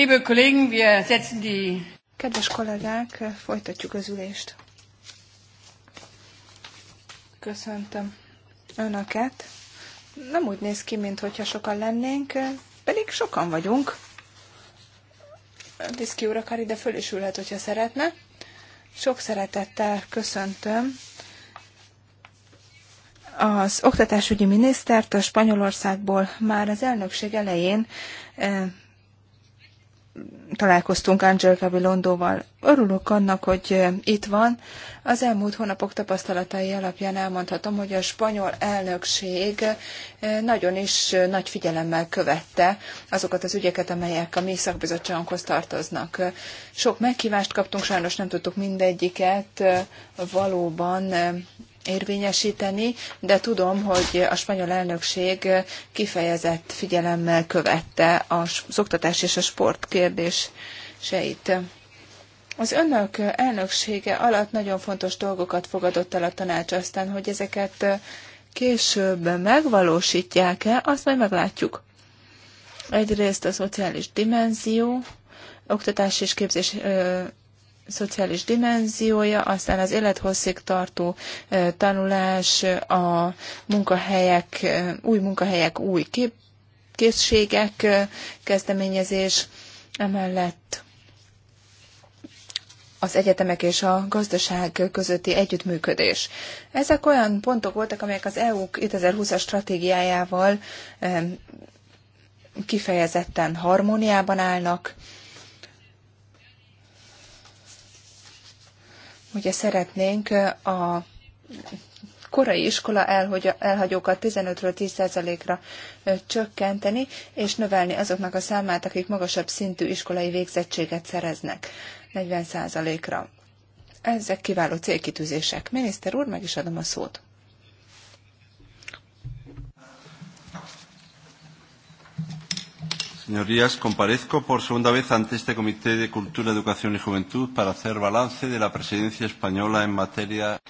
Liebe Kollegen, wir setzen die... Kedves kollégák, folytatjuk az ülést. Köszöntöm Önöket. Nem úgy néz ki, mint hogyha sokan lennénk, pedig sokan vagyunk. Diszki úr akár ide föl is ülhet, hogyha szeretne. Sok szeretettel köszöntöm az oktatásügyi minisztert a Spanyolországból már az elnökség elején eh, találkoztunk Angel Gabilondóval. Örülök annak, hogy itt van. Az elmúlt hónapok tapasztalatai alapján elmondhatom, hogy a spanyol elnökség nagyon is nagy figyelemmel követte azokat az ügyeket, amelyek a mi szakbizottságunkhoz tartoznak. Sok meghívást kaptunk, sajnos nem tudtuk mindegyiket valóban érvényesíteni, de tudom, hogy a spanyol elnökség kifejezett figyelemmel követte az oktatás és a sport kérdéseit. Az önök elnöksége alatt nagyon fontos dolgokat fogadott el a tanács, aztán, hogy ezeket később megvalósítják-e, azt majd meglátjuk. Egyrészt a szociális dimenzió, oktatás és képzés szociális dimenziója, aztán az élethosszig tartó tanulás, a munkahelyek, új munkahelyek, új kép, készségek kezdeményezés, emellett az egyetemek és a gazdaság közötti együttműködés. Ezek olyan pontok voltak, amelyek az EU 2020-as stratégiájával kifejezetten harmóniában állnak, Ugye szeretnénk a korai iskola elhagyókat 15-ről 10%-ra csökkenteni, és növelni azoknak a számát, akik magasabb szintű iskolai végzettséget szereznek 40%-ra. Ezek kiváló célkitűzések. Miniszter úr, meg is adom a szót. Señorías, comparezco por segunda vez ante este Comité de Cultura, Educación y Juventud para hacer balance de la presidencia española en materia.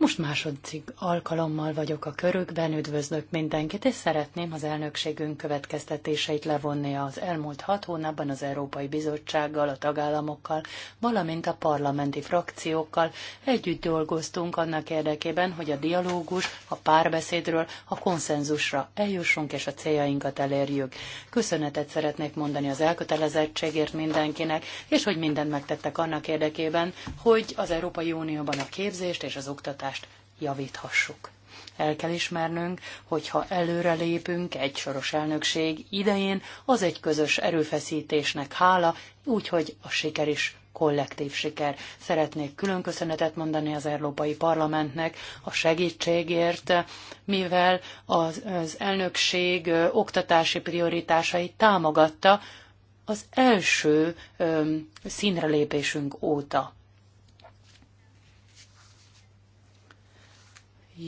Most második alkalommal vagyok a körökben, üdvözlök mindenkit, és szeretném az elnökségünk következtetéseit levonni az elmúlt hat hónapban az Európai Bizottsággal, a tagállamokkal, valamint a parlamenti frakciókkal. Együtt dolgoztunk annak érdekében, hogy a dialógus, a párbeszédről, a konszenzusra eljussunk és a céljainkat elérjük. Köszönetet szeretnék mondani az elkötelezettségért mindenkinek, és hogy mindent megtettek annak érdekében, hogy az Európai Unióban a képzést és az oktatást állást javíthassuk. El kell ismernünk, hogy ha előrelépünk egy soros elnökség idején, az egy közös erőfeszítésnek hála, úgyhogy a siker is kollektív siker. Szeretnék külön köszönetet mondani az Európai Parlamentnek a segítségért, mivel az, az elnökség oktatási prioritásait támogatta az első színrelépésünk óta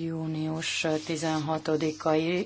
június 16-ai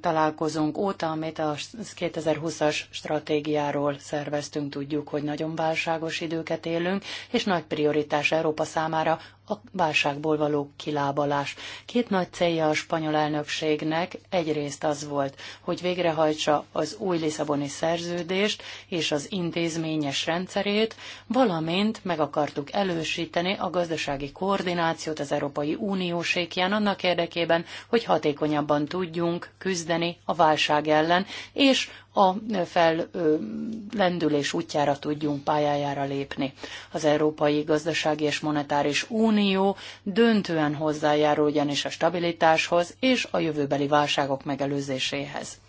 találkozónk óta, amit a 2020-as stratégiáról szerveztünk, tudjuk, hogy nagyon válságos időket élünk, és nagy prioritás Európa számára a válságból való kilábalás. Két nagy célja a spanyol elnökségnek egyrészt az volt, hogy végrehajtsa az új Lisszaboni szerződést és az intézményes rendszerét, valamint meg akartuk elősíteni a gazdasági koordinációt az Európai Unió sékján annak érdekében, hogy hatékonyabban tudjunk küzdeni a válság ellen, és a fellendülés útjára tudjunk pályájára lépni. Az Európai Gazdasági és Monetáris Unió döntően hozzájárul ugyanis a stabilitáshoz és a jövőbeli válságok megelőzéséhez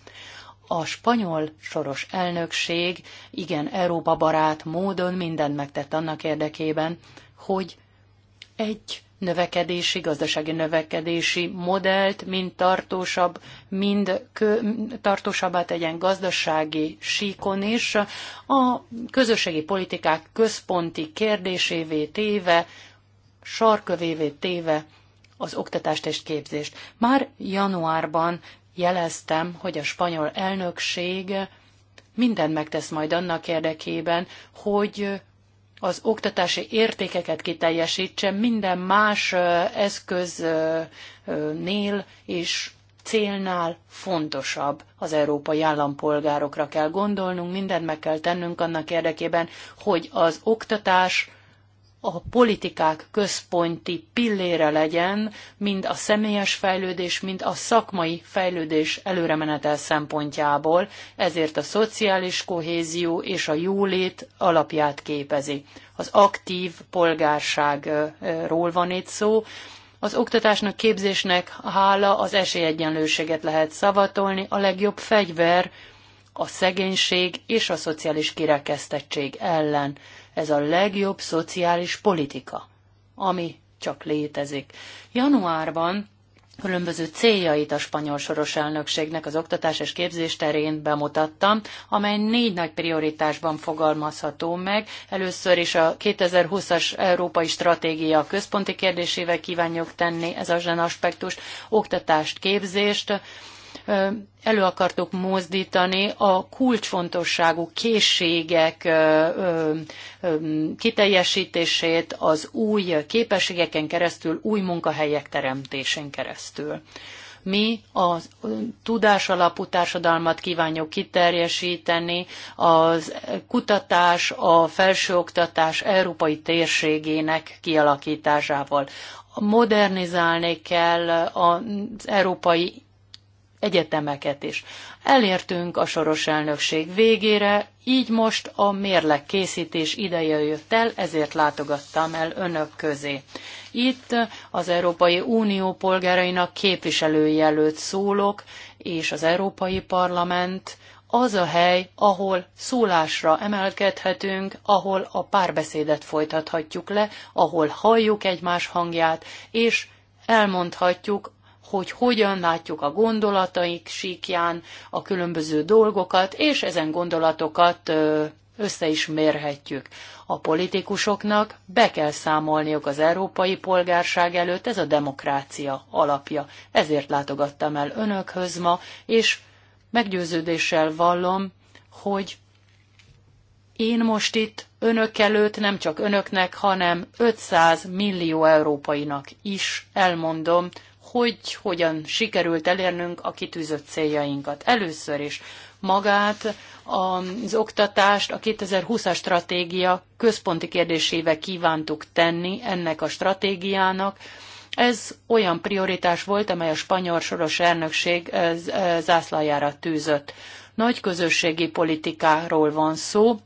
a spanyol soros elnökség igen Európa barát módon mindent megtett annak érdekében, hogy egy növekedési, gazdasági növekedési modellt mind tartósabb, mind kö, tartósabbá tegyen gazdasági síkon is, a közösségi politikák központi kérdésévé téve, sarkövévé téve az oktatást és képzést. Már januárban jeleztem, hogy a spanyol elnökség mindent megtesz majd annak érdekében, hogy az oktatási értékeket kiteljesítse minden más eszköznél és célnál fontosabb. Az európai állampolgárokra kell gondolnunk, mindent meg kell tennünk annak érdekében, hogy az oktatás a politikák központi pillére legyen, mind a személyes fejlődés, mind a szakmai fejlődés előremenetel szempontjából, ezért a szociális kohézió és a jólét alapját képezi. Az aktív polgárságról van itt szó, az oktatásnak, képzésnek hála az esélyegyenlőséget lehet szavatolni, a legjobb fegyver a szegénység és a szociális kirekesztettség ellen. Ez a legjobb szociális politika, ami csak létezik. Januárban különböző céljait a spanyol soros elnökségnek az oktatás és képzés terén bemutattam, amely négy nagy prioritásban fogalmazható meg. Először is a 2020-as Európai Stratégia központi kérdésével kívánjuk tenni ez azon aspektust, oktatást, képzést, elő akartok mozdítani a kulcsfontosságú készségek kiteljesítését az új képességeken keresztül, új munkahelyek teremtésén keresztül. Mi a tudásalapú társadalmat kívánjuk kiterjesíteni, az kutatás, a felsőoktatás európai térségének kialakításával modernizálni kell az európai egyetemeket is. Elértünk a soros elnökség végére, így most a mérleg készítés ideje jött el, ezért látogattam el önök közé. Itt az Európai Unió polgárainak képviselői előtt szólok, és az Európai Parlament az a hely, ahol szólásra emelkedhetünk, ahol a párbeszédet folytathatjuk le, ahol halljuk egymás hangját, és elmondhatjuk hogy hogyan látjuk a gondolataik síkján a különböző dolgokat, és ezen gondolatokat össze is mérhetjük. A politikusoknak be kell számolniuk az európai polgárság előtt, ez a demokrácia alapja. Ezért látogattam el önökhöz ma, és meggyőződéssel vallom, hogy én most itt önök előtt nem csak önöknek, hanem 500 millió európainak is elmondom, hogy hogyan sikerült elérnünk a kitűzött céljainkat. Először is magát az oktatást a 2020-as stratégia központi kérdésével kívántuk tenni ennek a stratégiának. Ez olyan prioritás volt, amely a spanyol soros elnökség eh, eh, zászlajára tűzött. Nagy közösségi politikáról van szó,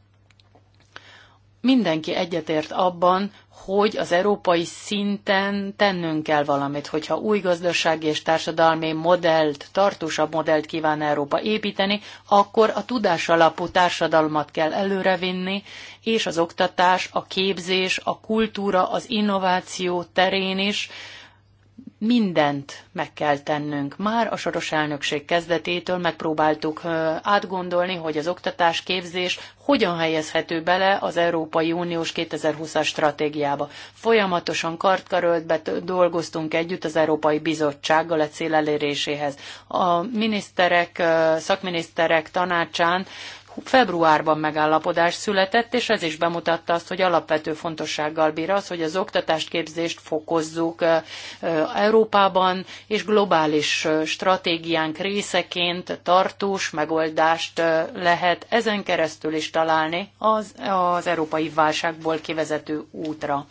mindenki egyetért abban, hogy az európai szinten tennünk kell valamit, hogyha új gazdasági és társadalmi modellt, tartósabb modellt kíván Európa építeni, akkor a tudás alapú társadalmat kell előrevinni, és az oktatás, a képzés, a kultúra, az innováció terén is mindent meg kell tennünk. Már a soros elnökség kezdetétől megpróbáltuk átgondolni, hogy az oktatás képzés hogyan helyezhető bele az Európai Uniós 2020-as stratégiába. Folyamatosan kartkaröltbe dolgoztunk együtt az Európai Bizottsággal a cél eléréséhez. A miniszterek, szakminiszterek tanácsán februárban megállapodás született, és ez is bemutatta azt, hogy alapvető fontossággal bír az, hogy az oktatást, képzést fokozzuk Európában, és globális stratégiánk részeként tartós megoldást lehet ezen keresztül is találni az, az európai válságból kivezető útra.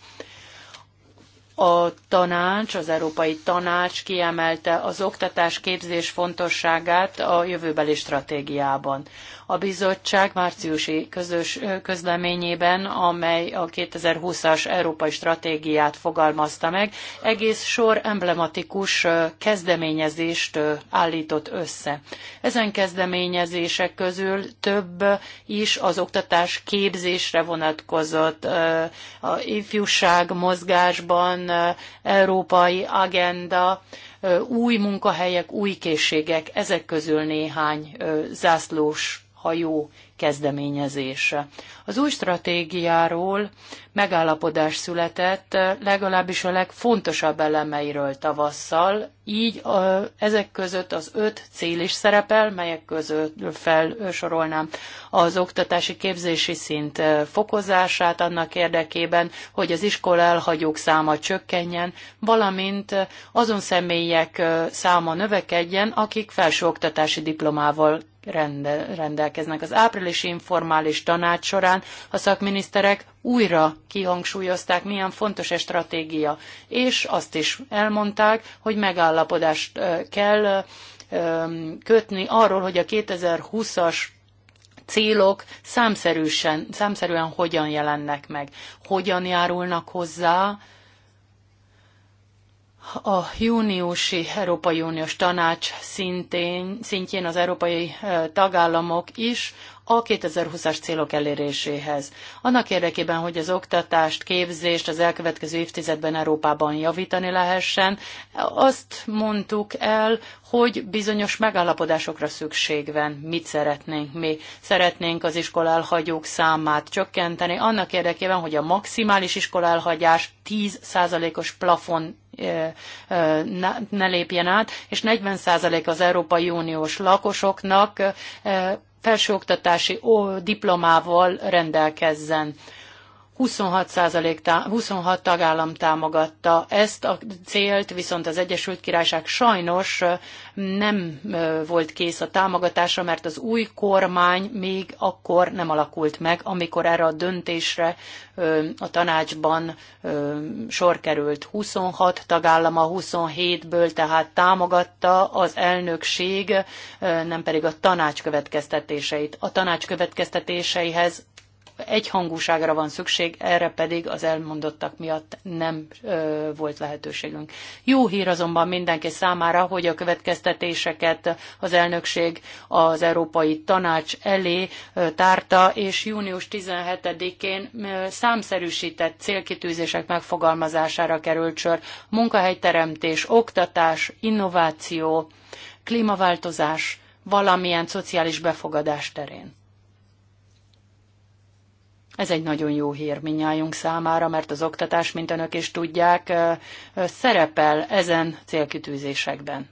A tanács, az Európai Tanács kiemelte az oktatás képzés fontosságát a jövőbeli stratégiában. A bizottság márciusi közös közleményében, amely a 2020-as európai stratégiát fogalmazta meg, egész sor emblematikus kezdeményezést állított össze. Ezen kezdeményezések közül több is az oktatás képzésre vonatkozott, a ifjúság mozgásban, európai agenda, új munkahelyek, új készségek, ezek közül néhány zászlós hajó kezdeményezése. Az új stratégiáról megállapodás született legalábbis a legfontosabb elemeiről tavasszal, így a, ezek között az öt cél is szerepel, melyek között felsorolnám az oktatási képzési szint fokozását annak érdekében, hogy az iskola elhagyók száma csökkenjen, valamint azon személyek száma növekedjen, akik felsőoktatási diplomával rendelkeznek. Az áprilisi informális tanács során a szakminiszterek újra kihangsúlyozták, milyen fontos a e stratégia, és azt is elmondták, hogy megállapodást kell kötni arról, hogy a 2020-as célok számszerűsen, számszerűen hogyan jelennek meg, hogyan járulnak hozzá a júniusi Európai Uniós Tanács szintén, szintjén az európai eh, tagállamok is a 2020-as célok eléréséhez. Annak érdekében, hogy az oktatást, képzést az elkövetkező évtizedben Európában javítani lehessen, azt mondtuk el, hogy bizonyos megállapodásokra szükség van. Mit szeretnénk mi? Szeretnénk az iskola számát csökkenteni, annak érdekében, hogy a maximális iskola 10%-os plafon ne lépjen át, és 40% az Európai Uniós lakosoknak felsőoktatási diplomával rendelkezzen. 26, 26 tagállam támogatta ezt a célt, viszont az Egyesült Királyság sajnos nem volt kész a támogatásra, mert az új kormány még akkor nem alakult meg, amikor erre a döntésre a tanácsban sor került. 26 tagállam a 27-ből tehát támogatta az elnökség, nem pedig a tanács következtetéseit. A tanács következtetéseihez egyhangúságra van szükség, erre pedig az elmondottak miatt nem ö, volt lehetőségünk. Jó hír azonban mindenki számára, hogy a következtetéseket az elnökség az Európai Tanács elé ö, tárta, és június 17-én ö, számszerűsített célkitűzések megfogalmazására került sor. Munkahelyteremtés, oktatás, innováció, klímaváltozás, valamilyen szociális befogadás terén. Ez egy nagyon jó hír minnyájunk számára, mert az oktatás, mint önök is tudják, szerepel ezen célkitűzésekben.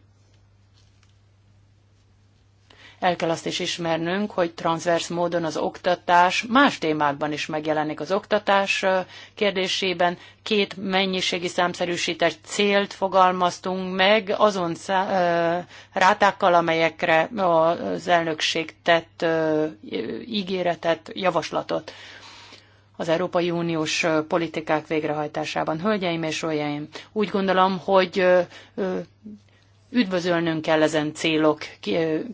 El kell azt is ismernünk, hogy transzvers módon az oktatás más témákban is megjelenik az oktatás kérdésében. Két mennyiségi számszerűsített célt fogalmaztunk meg azon szá- rátákkal, amelyekre az elnökség tett ígéretet, javaslatot az Európai Uniós politikák végrehajtásában. Hölgyeim és uraim, úgy gondolom, hogy üdvözölnünk kell ezen célok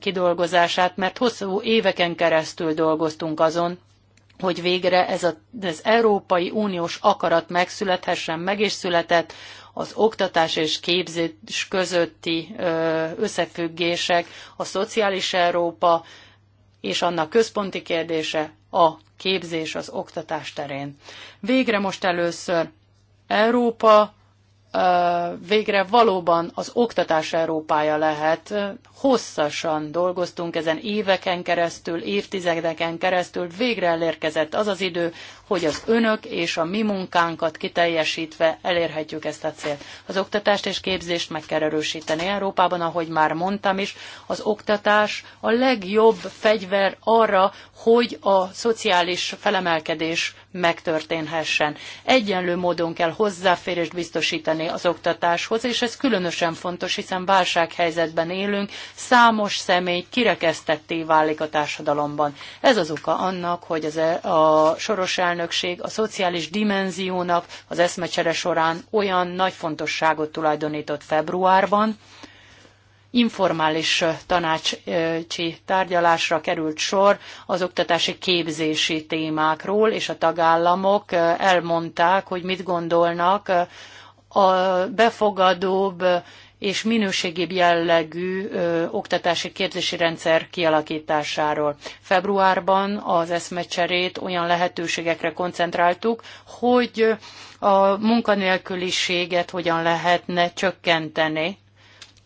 kidolgozását, mert hosszú éveken keresztül dolgoztunk azon, hogy végre ez a, az Európai Uniós akarat megszülethessen, meg is született, az oktatás és képzés közötti összefüggések, a szociális Európa és annak központi kérdése a képzés, az oktatás terén. Végre most először Európa végre valóban az oktatás Európája lehet. Hosszasan dolgoztunk ezen éveken keresztül, évtizedeken keresztül, végre elérkezett az az idő, hogy az önök és a mi munkánkat kiteljesítve elérhetjük ezt a célt. Az oktatást és képzést meg kell erősíteni Európában, ahogy már mondtam is, az oktatás a legjobb fegyver arra, hogy a szociális felemelkedés megtörténhessen. Egyenlő módon kell hozzáférést biztosítani az oktatáshoz, és ez különösen fontos, hiszen válsághelyzetben élünk, számos személy kirekesztetté válik a társadalomban. Ez az oka annak, hogy az e- a soros elnök elnökség a szociális dimenziónak az eszmecsere során olyan nagy fontosságot tulajdonított februárban, informális tanácsi tárgyalásra került sor az oktatási képzési témákról, és a tagállamok elmondták, hogy mit gondolnak a befogadóbb és minőségébb jellegű ö, oktatási képzési rendszer kialakításáról. Februárban az eszmecserét olyan lehetőségekre koncentráltuk, hogy a munkanélküliséget hogyan lehetne csökkenteni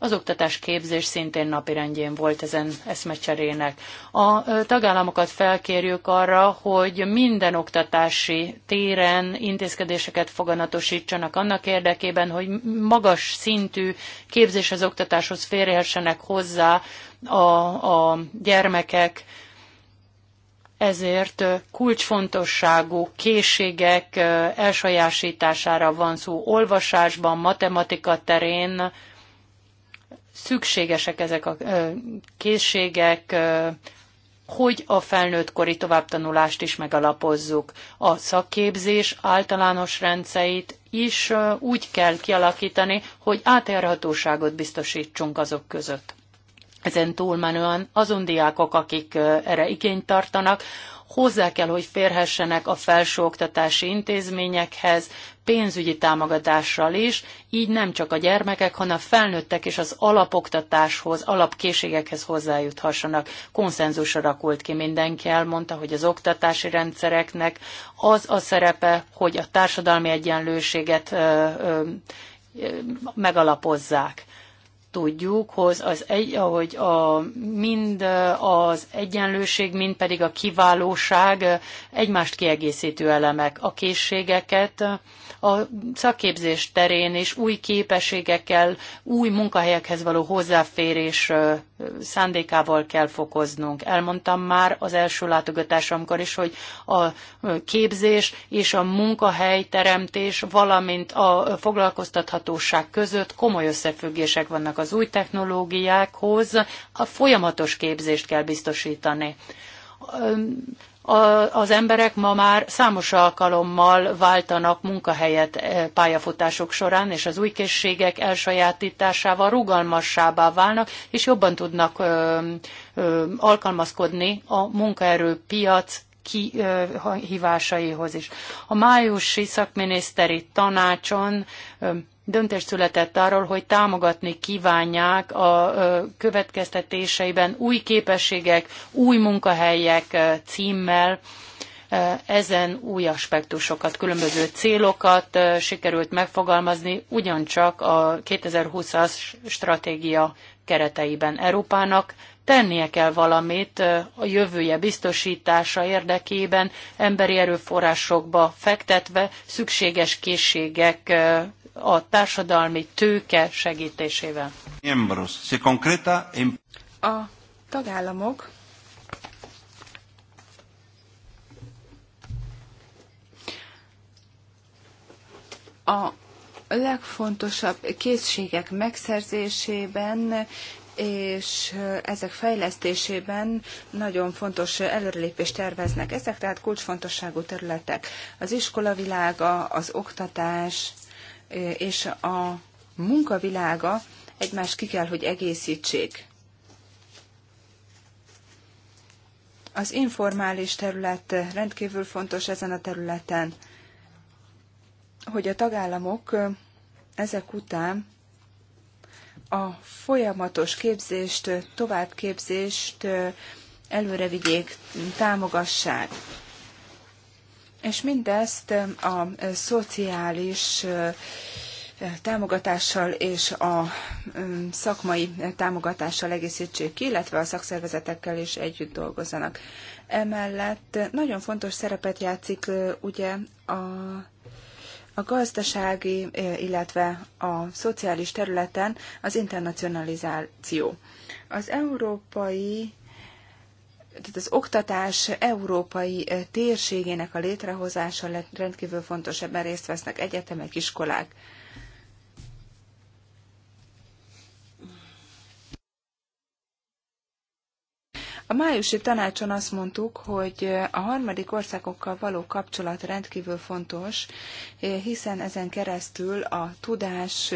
az oktatás képzés szintén napirendjén volt ezen eszmecserének. A tagállamokat felkérjük arra, hogy minden oktatási téren intézkedéseket foganatosítsanak annak érdekében, hogy magas szintű az oktatáshoz férhessenek hozzá a, a gyermekek, ezért kulcsfontosságú készségek elsajásítására van szó olvasásban, matematika terén, szükségesek ezek a készségek, hogy a felnőttkori továbbtanulást is megalapozzuk. A szakképzés általános rendszereit is úgy kell kialakítani, hogy átjárhatóságot biztosítsunk azok között. Ezen túlmenően azon diákok, akik erre igényt tartanak, hozzá kell, hogy férhessenek a felsőoktatási intézményekhez, pénzügyi támogatással is, így nem csak a gyermekek, hanem a felnőttek és az alapoktatáshoz, alapkészségekhez hozzájuthassanak. Konszenzusra rakult ki mindenki, elmondta, hogy az oktatási rendszereknek az a szerepe, hogy a társadalmi egyenlőséget ö, ö, megalapozzák tudjuk, hogy az egy, ahogy a, mind az egyenlőség, mind pedig a kiválóság eh, egymást kiegészítő elemek, a készségeket, a szakképzés terén és új képességekkel, új munkahelyekhez való hozzáférés szándékával kell fokoznunk. Elmondtam már az első látogatásomkor is, hogy a képzés és a munkahely teremtés valamint a foglalkoztathatóság között komoly összefüggések vannak az új technológiákhoz, a folyamatos képzést kell biztosítani az emberek ma már számos alkalommal váltanak munkahelyet eh, pályafutásuk során, és az új készségek elsajátításával rugalmassábbá válnak, és jobban tudnak alkalmazkodni a munkaerőpiac kihívásaihoz is. A májusi szakminiszteri tanácson döntés született arról, hogy támogatni kívánják a következtetéseiben új képességek, új munkahelyek címmel ezen új aspektusokat, különböző célokat sikerült megfogalmazni, ugyancsak a 2020-as stratégia kereteiben Európának tennie kell valamit a jövője biztosítása érdekében, emberi erőforrásokba fektetve szükséges készségek a társadalmi tőke segítésével. A tagállamok a legfontosabb készségek megszerzésében és ezek fejlesztésében nagyon fontos előrelépést terveznek. Ezek tehát kulcsfontosságú területek. Az iskolavilága, az oktatás, és a munkavilága egymást ki kell, hogy egészítsék. Az informális terület rendkívül fontos ezen a területen, hogy a tagállamok ezek után a folyamatos képzést, továbbképzést előre vigyék, támogassák. És mindezt a szociális támogatással és a szakmai támogatással egészítsék ki, illetve a szakszervezetekkel is együtt dolgozzanak. Emellett nagyon fontos szerepet játszik ugye a, a gazdasági, illetve a szociális területen az internacionalizáció. Az európai tehát az oktatás európai térségének a létrehozása rendkívül fontos, ebben részt vesznek egyetemek, iskolák. A májusi tanácson azt mondtuk, hogy a harmadik országokkal való kapcsolat rendkívül fontos, hiszen ezen keresztül a tudás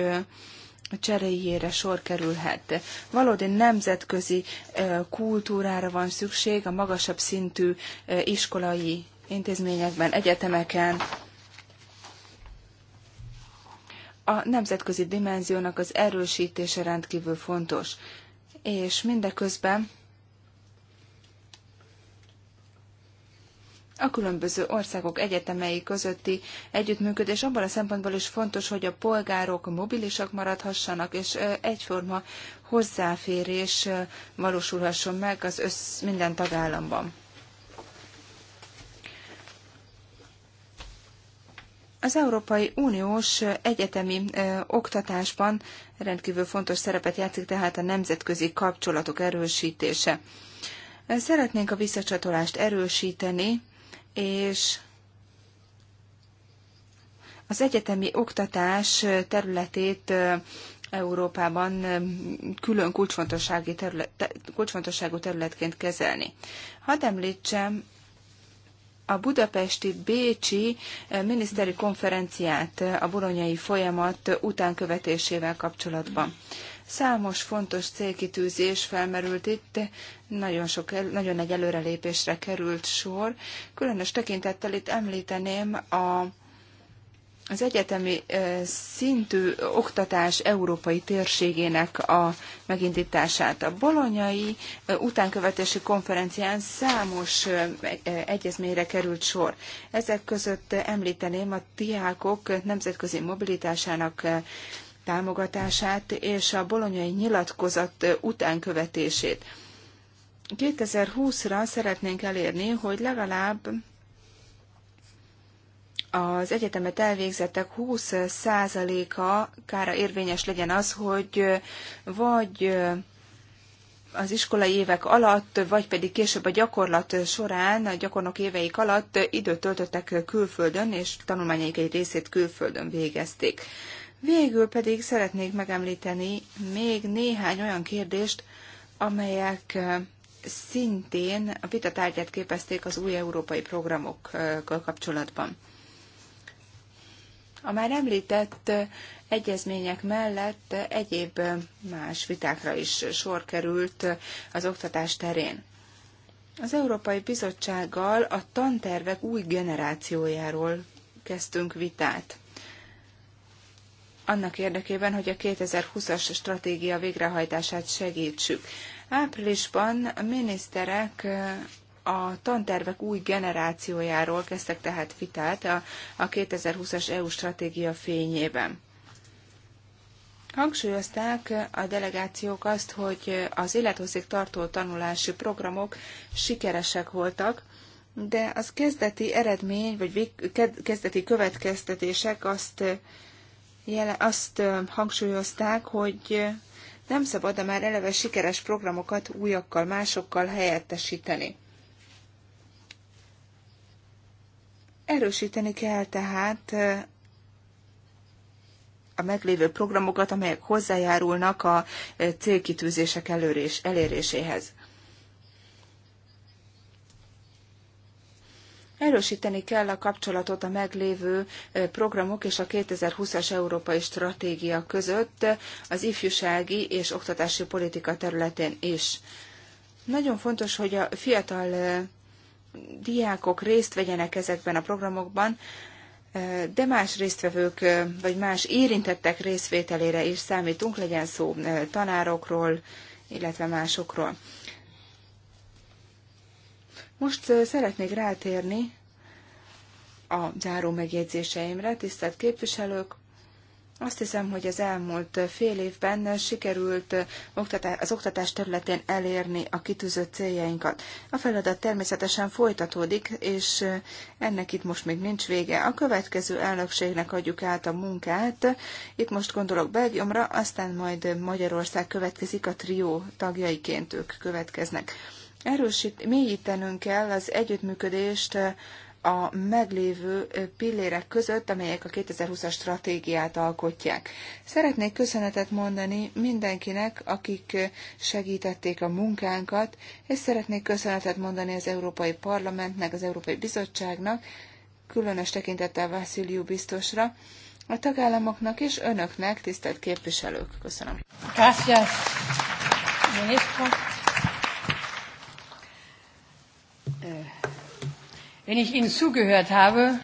cseréjére sor kerülhet. Valódi nemzetközi kultúrára van szükség a magasabb szintű iskolai intézményekben, egyetemeken. A nemzetközi dimenziónak az erősítése rendkívül fontos, és mindeközben a különböző országok egyetemei közötti együttműködés abban a szempontból is fontos, hogy a polgárok mobilisak maradhassanak, és egyforma hozzáférés valósulhasson meg az össz, minden tagállamban. Az Európai Uniós egyetemi oktatásban rendkívül fontos szerepet játszik tehát a nemzetközi kapcsolatok erősítése. Szeretnénk a visszacsatolást erősíteni, és az egyetemi oktatás területét Európában külön terület, kulcsfontosságú területként kezelni. Hadd említsem a budapesti Bécsi miniszteri konferenciát a bolonyai folyamat utánkövetésével kapcsolatban. Számos fontos célkitűzés felmerült itt, nagyon, sok, nagyon nagy előrelépésre került sor. Különös tekintettel itt említeném a az egyetemi szintű oktatás európai térségének a megindítását. A bolonyai utánkövetési konferencián számos e-, e-, egyezményre került sor. Ezek között említeném a diákok nemzetközi mobilitásának támogatását és a bolonyai nyilatkozat utánkövetését. 2020-ra szeretnénk elérni, hogy legalább az egyetemet elvégzettek 20%-a kára érvényes legyen az, hogy vagy az iskolai évek alatt, vagy pedig később a gyakorlat során, a gyakornok éveik alatt időt töltöttek külföldön, és tanulmányaik egy részét külföldön végezték. Végül pedig szeretnék megemlíteni még néhány olyan kérdést, amelyek szintén a vitatárgyát képezték az új európai programokkal kapcsolatban. A már említett egyezmények mellett egyéb más vitákra is sor került az oktatás terén. Az Európai Bizottsággal a tantervek új generációjáról kezdtünk vitát annak érdekében, hogy a 2020-as stratégia végrehajtását segítsük. Áprilisban a miniszterek eh, a tantervek új generációjáról kezdtek tehát vitát a, a 2020-as EU stratégia fényében. Hangsúlyozták a delegációk azt, hogy az élethosszig tartó tanulási programok sikeresek voltak, de az kezdeti eredmény, vagy kezdeti következtetések azt eh, jelen, azt hangsúlyozták, hogy nem szabad a már eleve sikeres programokat újakkal, másokkal helyettesíteni. Erősíteni kell tehát a meglévő programokat, amelyek hozzájárulnak a célkitűzések elérés, eléréséhez. Erősíteni kell a kapcsolatot a meglévő programok és a 2020-as európai stratégia között az ifjúsági és oktatási politika területén is. Nagyon fontos, hogy a fiatal diákok részt vegyenek ezekben a programokban, de más résztvevők vagy más érintettek részvételére is számítunk, legyen szó tanárokról, illetve másokról. Most szeretnék rátérni a záró megjegyzéseimre, tisztelt képviselők. Azt hiszem, hogy az elmúlt fél évben sikerült az oktatás területén elérni a kitűzött céljainkat. A feladat természetesen folytatódik, és ennek itt most még nincs vége. A következő elnökségnek adjuk át a munkát. Itt most gondolok Belgiumra, aztán majd Magyarország következik, a trió tagjaiként ők következnek. Erősít, mélyítenünk kell az együttműködést eh, a meglévő eh, pillérek között, amelyek a 2020-as stratégiát alkotják. Szeretnék köszönetet mondani mindenkinek, akik eh, segítették a munkánkat, és szeretnék köszönetet mondani az Európai Parlamentnek, az Európai Bizottságnak, különös tekintettel Vásziliu biztosra, a tagállamoknak és önöknek, tisztelt képviselők. Köszönöm. Köszönöm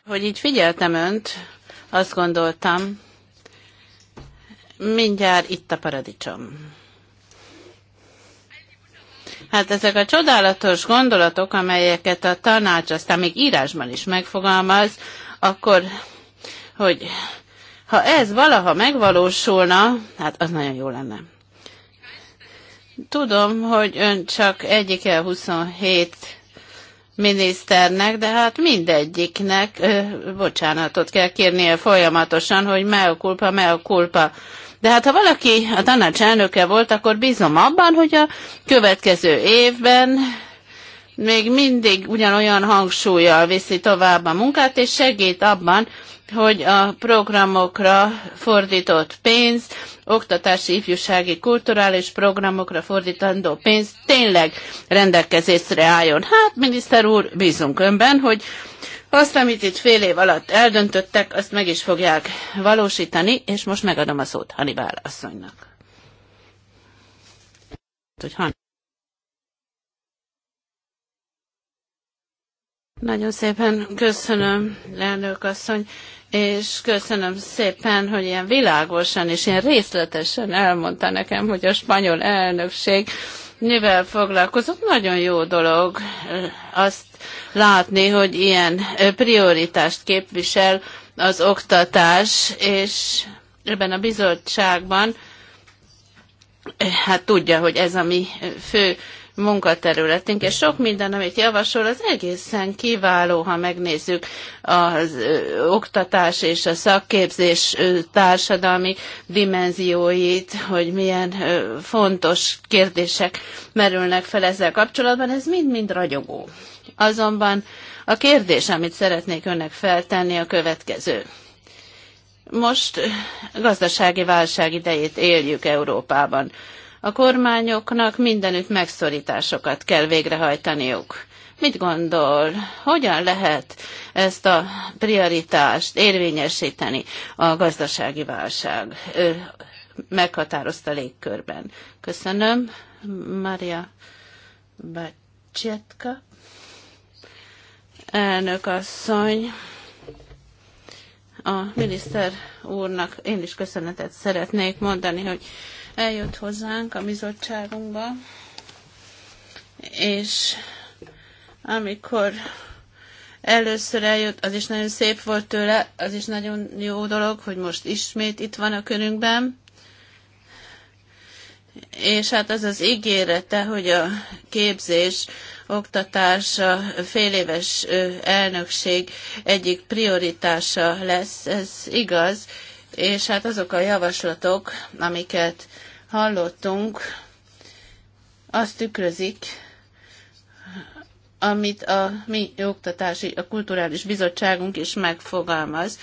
hogy így figyeltem Önt, azt gondoltam, mindjárt itt a paradicsom. Hát ezek a csodálatos gondolatok, amelyeket a tanács aztán még írásban is megfogalmaz, akkor, hogy ha ez valaha megvalósulna, hát az nagyon jó lenne. Tudom, hogy ön csak egyike 27 miniszternek, de hát mindegyiknek ö, bocsánatot kell kérnie folyamatosan, hogy kulpa, me a kulpa. De hát ha valaki a tanács elnöke volt, akkor bízom abban, hogy a következő évben még mindig ugyanolyan hangsúlyjal viszi tovább a munkát, és segít abban, hogy a programokra fordított pénz, oktatási, ifjúsági, kulturális programokra fordítandó pénz tényleg rendelkezésre álljon. Hát, miniszter úr, bízunk önben, hogy azt, amit itt fél év alatt eldöntöttek, azt meg is fogják valósítani, és most megadom a szót Hannibal asszonynak. Hogy Han Nagyon szépen köszönöm, elnök asszony, és köszönöm szépen, hogy ilyen világosan és ilyen részletesen elmondta nekem, hogy a spanyol elnökség mivel foglalkozott. Nagyon jó dolog azt látni, hogy ilyen prioritást képvisel az oktatás, és ebben a bizottságban hát tudja, hogy ez a mi fő munkaterületünk, és sok minden, amit javasol, az egészen kiváló, ha megnézzük az oktatás és a szakképzés társadalmi dimenzióit, hogy milyen fontos kérdések merülnek fel ezzel kapcsolatban, ez mind-mind ragyogó. Azonban a kérdés, amit szeretnék önnek feltenni, a következő. Most gazdasági válság idejét éljük Európában a kormányoknak mindenütt megszorításokat kell végrehajtaniuk. Mit gondol, hogyan lehet ezt a prioritást érvényesíteni a gazdasági válság ő meghatározta légkörben? Köszönöm, Maria Bacsetka. Elnök asszony, a miniszter úrnak én is köszönetet szeretnék mondani, hogy eljött hozzánk a bizottságunkba, és amikor először eljött, az is nagyon szép volt tőle, az is nagyon jó dolog, hogy most ismét itt van a körünkben. És hát az az ígérete, hogy a képzés, oktatás a féléves elnökség egyik prioritása lesz, ez igaz és hát azok a javaslatok, amiket hallottunk, azt tükrözik, amit a mi oktatási, a kulturális bizottságunk is megfogalmaz,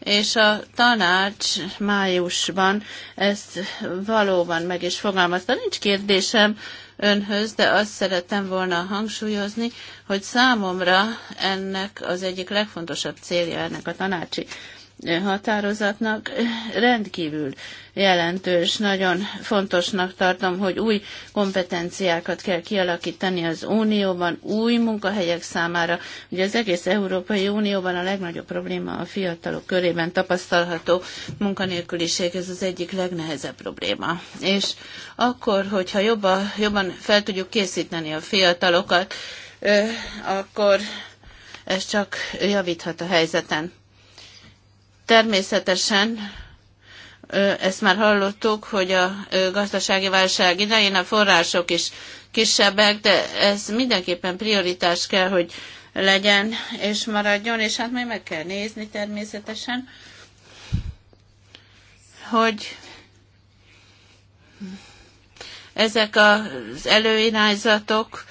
és a tanács májusban ezt valóban meg is fogalmazta. Nincs kérdésem önhöz, de azt szerettem volna hangsúlyozni, hogy számomra ennek az egyik legfontosabb célja ennek a tanácsi határozatnak rendkívül jelentős, nagyon fontosnak tartom, hogy új kompetenciákat kell kialakítani az Unióban, új munkahelyek számára. Ugye az egész Európai Unióban a legnagyobb probléma a fiatalok körében tapasztalható munkanélküliség, ez az egyik legnehezebb probléma. És akkor, hogyha jobban, jobban fel tudjuk készíteni a fiatalokat, akkor ez csak javíthat a helyzeten. Természetesen ezt már hallottuk, hogy a gazdasági válság idején a források is kisebbek, de ez mindenképpen prioritás kell, hogy legyen és maradjon, és hát majd meg kell nézni természetesen, hogy ezek az előirányzatok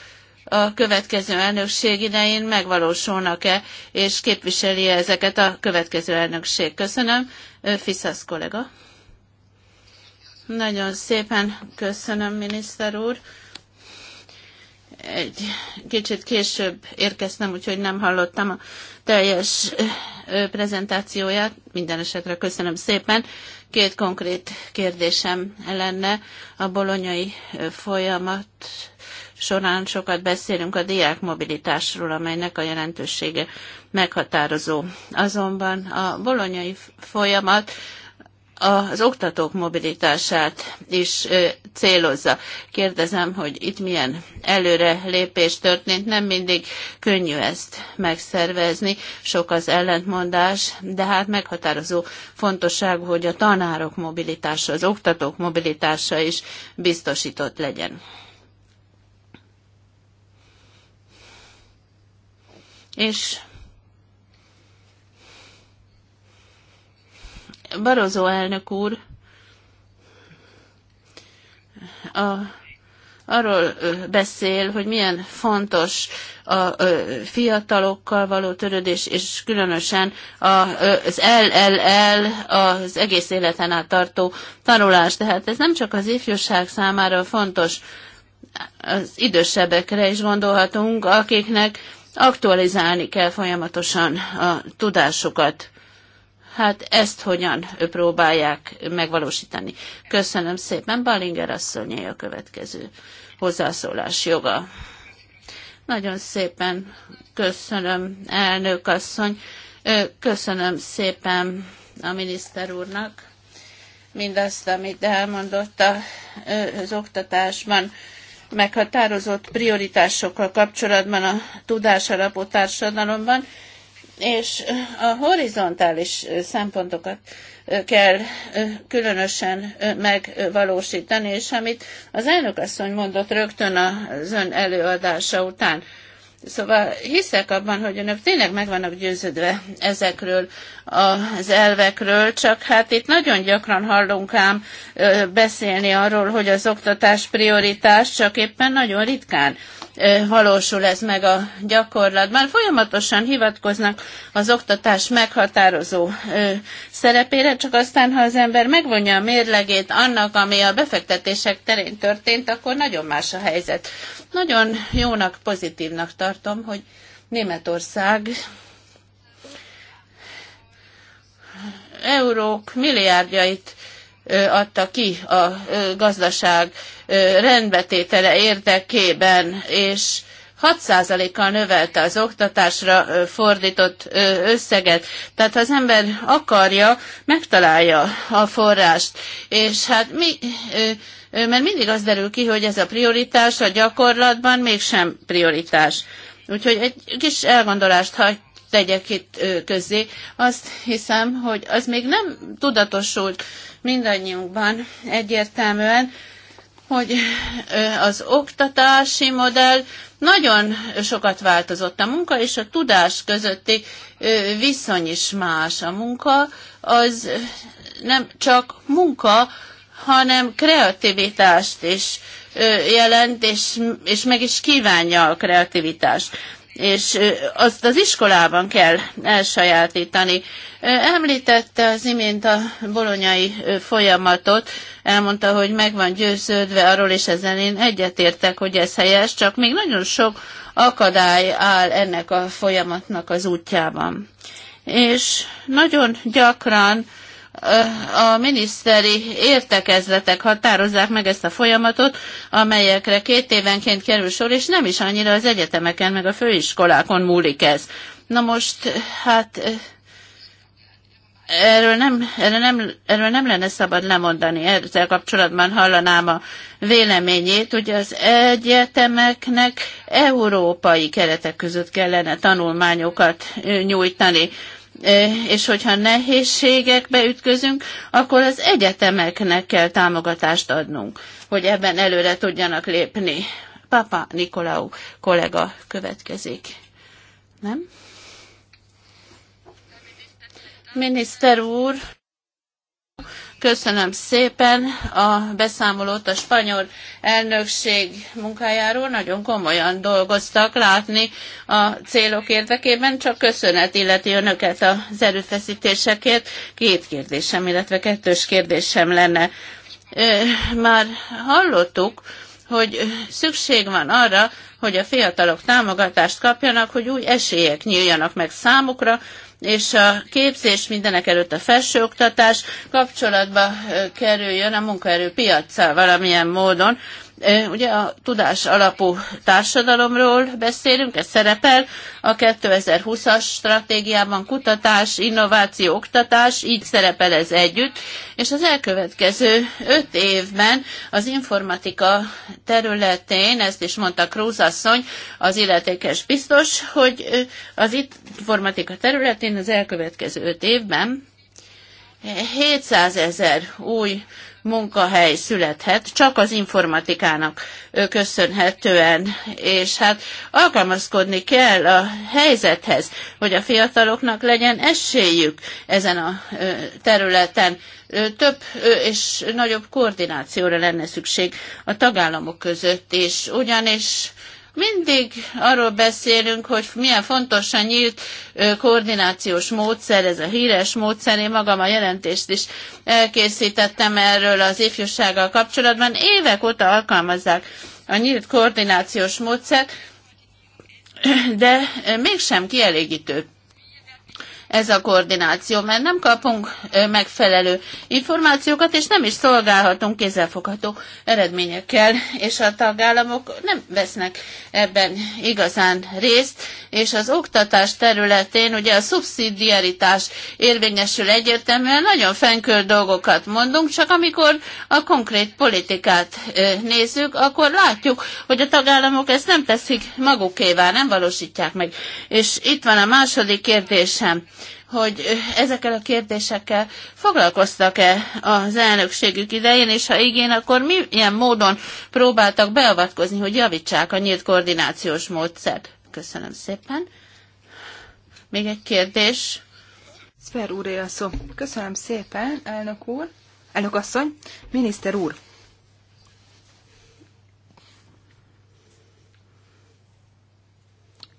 a következő elnökség idején megvalósulnak-e, és képviseli -e ezeket a következő elnökség. Köszönöm. Fiszasz kollega. Nagyon szépen köszönöm, miniszter úr. Egy kicsit később érkeztem, úgyhogy nem hallottam a teljes prezentációját. Minden esetre köszönöm szépen. Két konkrét kérdésem lenne a bolonyai folyamat során sokat beszélünk a diák mobilitásról, amelynek a jelentősége meghatározó. Azonban a bolonyai folyamat az oktatók mobilitását is célozza. Kérdezem, hogy itt milyen előre lépés történt. Nem mindig könnyű ezt megszervezni, sok az ellentmondás, de hát meghatározó fontosság, hogy a tanárok mobilitása, az oktatók mobilitása is biztosított legyen. És Barozó elnök úr a, arról beszél, hogy milyen fontos a fiatalokkal való törődés, és különösen az LLL, az egész életen át tartó tanulás. Tehát ez nem csak az ifjúság számára fontos, az idősebbekre is gondolhatunk, akiknek aktualizálni kell folyamatosan a tudásokat. Hát ezt hogyan próbálják megvalósítani. Köszönöm szépen, Balinger asszonyé a következő hozzászólás joga. Nagyon szépen köszönöm, elnök asszony. Köszönöm szépen a miniszter úrnak mindazt, amit elmondott az oktatásban meghatározott prioritásokkal kapcsolatban a tudásalapú társadalomban, és a horizontális szempontokat kell különösen megvalósítani, és amit az elnök asszony mondott rögtön az ön előadása után, Szóval hiszek abban, hogy önök tényleg meg vannak győződve ezekről az elvekről, csak hát itt nagyon gyakran hallunk ám beszélni arról, hogy az oktatás prioritás, csak éppen nagyon ritkán valósul ez meg a gyakorlatban. Folyamatosan hivatkoznak az oktatás meghatározó szerepére, csak aztán, ha az ember megvonja a mérlegét annak, ami a befektetések terén történt, akkor nagyon más a helyzet. Nagyon jónak, pozitívnak tartom, hogy Németország eurók milliárdjait adta ki a gazdaság rendbetétele érdekében, és 6%-kal növelte az oktatásra fordított összeget. Tehát ha az ember akarja, megtalálja a forrást. És hát mi, mert mindig az derül ki, hogy ez a prioritás a gyakorlatban mégsem prioritás. Úgyhogy egy kis elgondolást hagy tegyek itt közé. Azt hiszem, hogy az még nem tudatosult mindannyiunkban egyértelműen, hogy az oktatási modell nagyon sokat változott. A munka és a tudás közötti viszony is más. A munka az nem csak munka, hanem kreativitást is jelent, és, és meg is kívánja a kreativitást és azt az iskolában kell elsajátítani. Említette az imént a bolonyai folyamatot, elmondta, hogy meg van győződve arról, és ezen én egyetértek, hogy ez helyes, csak még nagyon sok akadály áll ennek a folyamatnak az útjában. És nagyon gyakran a miniszteri értekezletek határozzák meg ezt a folyamatot, amelyekre két évenként kerül sor, és nem is annyira az egyetemeken, meg a főiskolákon múlik ez. Na most, hát erről nem, erről nem, erről nem lenne szabad lemondani. Ezzel kapcsolatban hallanám a véleményét, hogy az egyetemeknek európai keretek között kellene tanulmányokat nyújtani. E, és hogyha nehézségekbe ütközünk, akkor az egyetemeknek kell támogatást adnunk, hogy ebben előre tudjanak lépni. Papa Nikolau kollega következik. Nem? Miniszter úr, Köszönöm szépen a beszámolót a spanyol elnökség munkájáról. Nagyon komolyan dolgoztak látni a célok érdekében, csak köszönet illeti önöket az erőfeszítésekért. Két kérdésem, illetve kettős kérdésem lenne. Már hallottuk, hogy szükség van arra, hogy a fiatalok támogatást kapjanak, hogy új esélyek nyíljanak meg számukra, és a képzés mindenek előtt a felsőoktatás kapcsolatba kerüljön a munkaerőpiaccal valamilyen módon, Ugye a tudás alapú társadalomról beszélünk, ez szerepel a 2020-as stratégiában kutatás, innováció, oktatás, így szerepel ez együtt, és az elkövetkező öt évben az informatika területén, ezt is mondta Krúz asszony, az illetékes biztos, hogy az informatika területén az elkövetkező öt évben 700 ezer új munkahely születhet, csak az informatikának köszönhetően. És hát alkalmazkodni kell a helyzethez, hogy a fiataloknak legyen esélyük ezen a területen. Több és nagyobb koordinációra lenne szükség a tagállamok között, és ugyanis mindig arról beszélünk, hogy milyen fontos a nyílt koordinációs módszer, ez a híres módszer, én magam a jelentést is elkészítettem erről az ifjúsággal kapcsolatban. Évek óta alkalmazzák a nyílt koordinációs módszert, de mégsem kielégítő ez a koordináció, mert nem kapunk megfelelő információkat, és nem is szolgálhatunk kézzelfogható eredményekkel, és a tagállamok nem vesznek ebben igazán részt, és az oktatás területén ugye a szubszidiaritás érvényesül egyértelműen, nagyon fenkör dolgokat mondunk, csak amikor a konkrét politikát nézzük, akkor látjuk, hogy a tagállamok ezt nem teszik magukévá, nem valósítják meg. És itt van a második kérdésem hogy ezekkel a kérdésekkel foglalkoztak-e az elnökségük idején, és ha igen, akkor milyen módon próbáltak beavatkozni, hogy javítsák a nyílt koordinációs módszert? Köszönöm szépen. Még egy kérdés. Szper úr, a szó. Köszönöm szépen, elnök úr, elnök asszony, miniszter úr.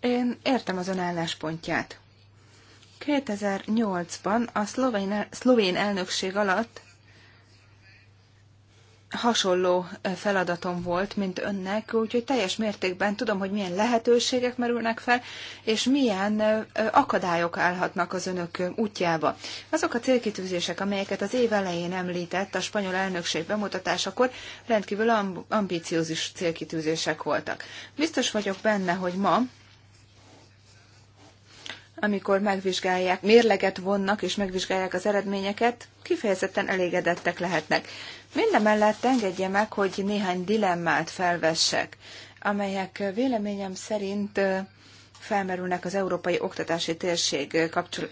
Én értem az ön álláspontját. 2008-ban a szlovén, szlovén elnökség alatt hasonló feladatom volt, mint önnek, úgyhogy teljes mértékben tudom, hogy milyen lehetőségek merülnek fel, és milyen akadályok állhatnak az önök útjába. Azok a célkitűzések, amelyeket az év elején említett a spanyol elnökség bemutatásakor, rendkívül ambiciózus célkitűzések voltak. Biztos vagyok benne, hogy ma amikor megvizsgálják, mérleget vonnak és megvizsgálják az eredményeket, kifejezetten elégedettek lehetnek. Mindemellett engedje meg, hogy néhány dilemmát felvessek, amelyek véleményem szerint felmerülnek az európai oktatási térség kapcsol-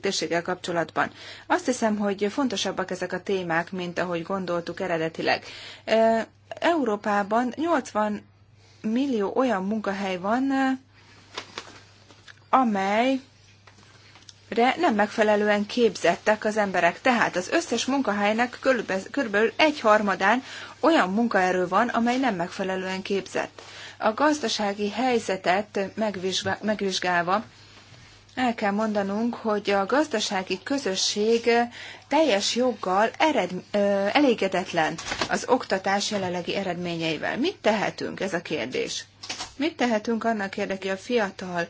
térséggel kapcsolatban. Azt hiszem, hogy fontosabbak ezek a témák, mint ahogy gondoltuk eredetileg. Európában 80 millió olyan munkahely van, amelyre nem megfelelően képzettek az emberek. Tehát az összes munkahelynek körülbelül egy harmadán olyan munkaerő van, amely nem megfelelően képzett. A gazdasági helyzetet megvizsgálva el kell mondanunk, hogy a gazdasági közösség teljes joggal ered, elégedetlen az oktatás jelenlegi eredményeivel. Mit tehetünk? Ez a kérdés. Mit tehetünk annak érdekében, hogy a fiatal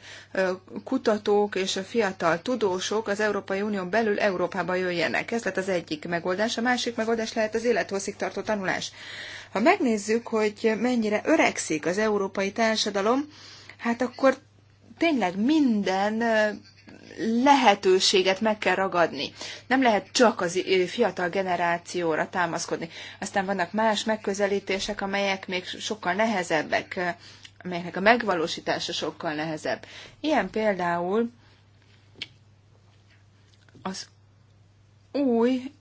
kutatók és a fiatal tudósok az Európai Unió belül Európába jöjjenek? Ez lett az egyik megoldás. A másik megoldás lehet az élethosszig tartó tanulás. Ha megnézzük, hogy mennyire öregszik az európai társadalom, hát akkor tényleg minden lehetőséget meg kell ragadni. Nem lehet csak az fiatal generációra támaszkodni. Aztán vannak más megközelítések, amelyek még sokkal nehezebbek amelynek a megvalósítása sokkal nehezebb. Ilyen például az új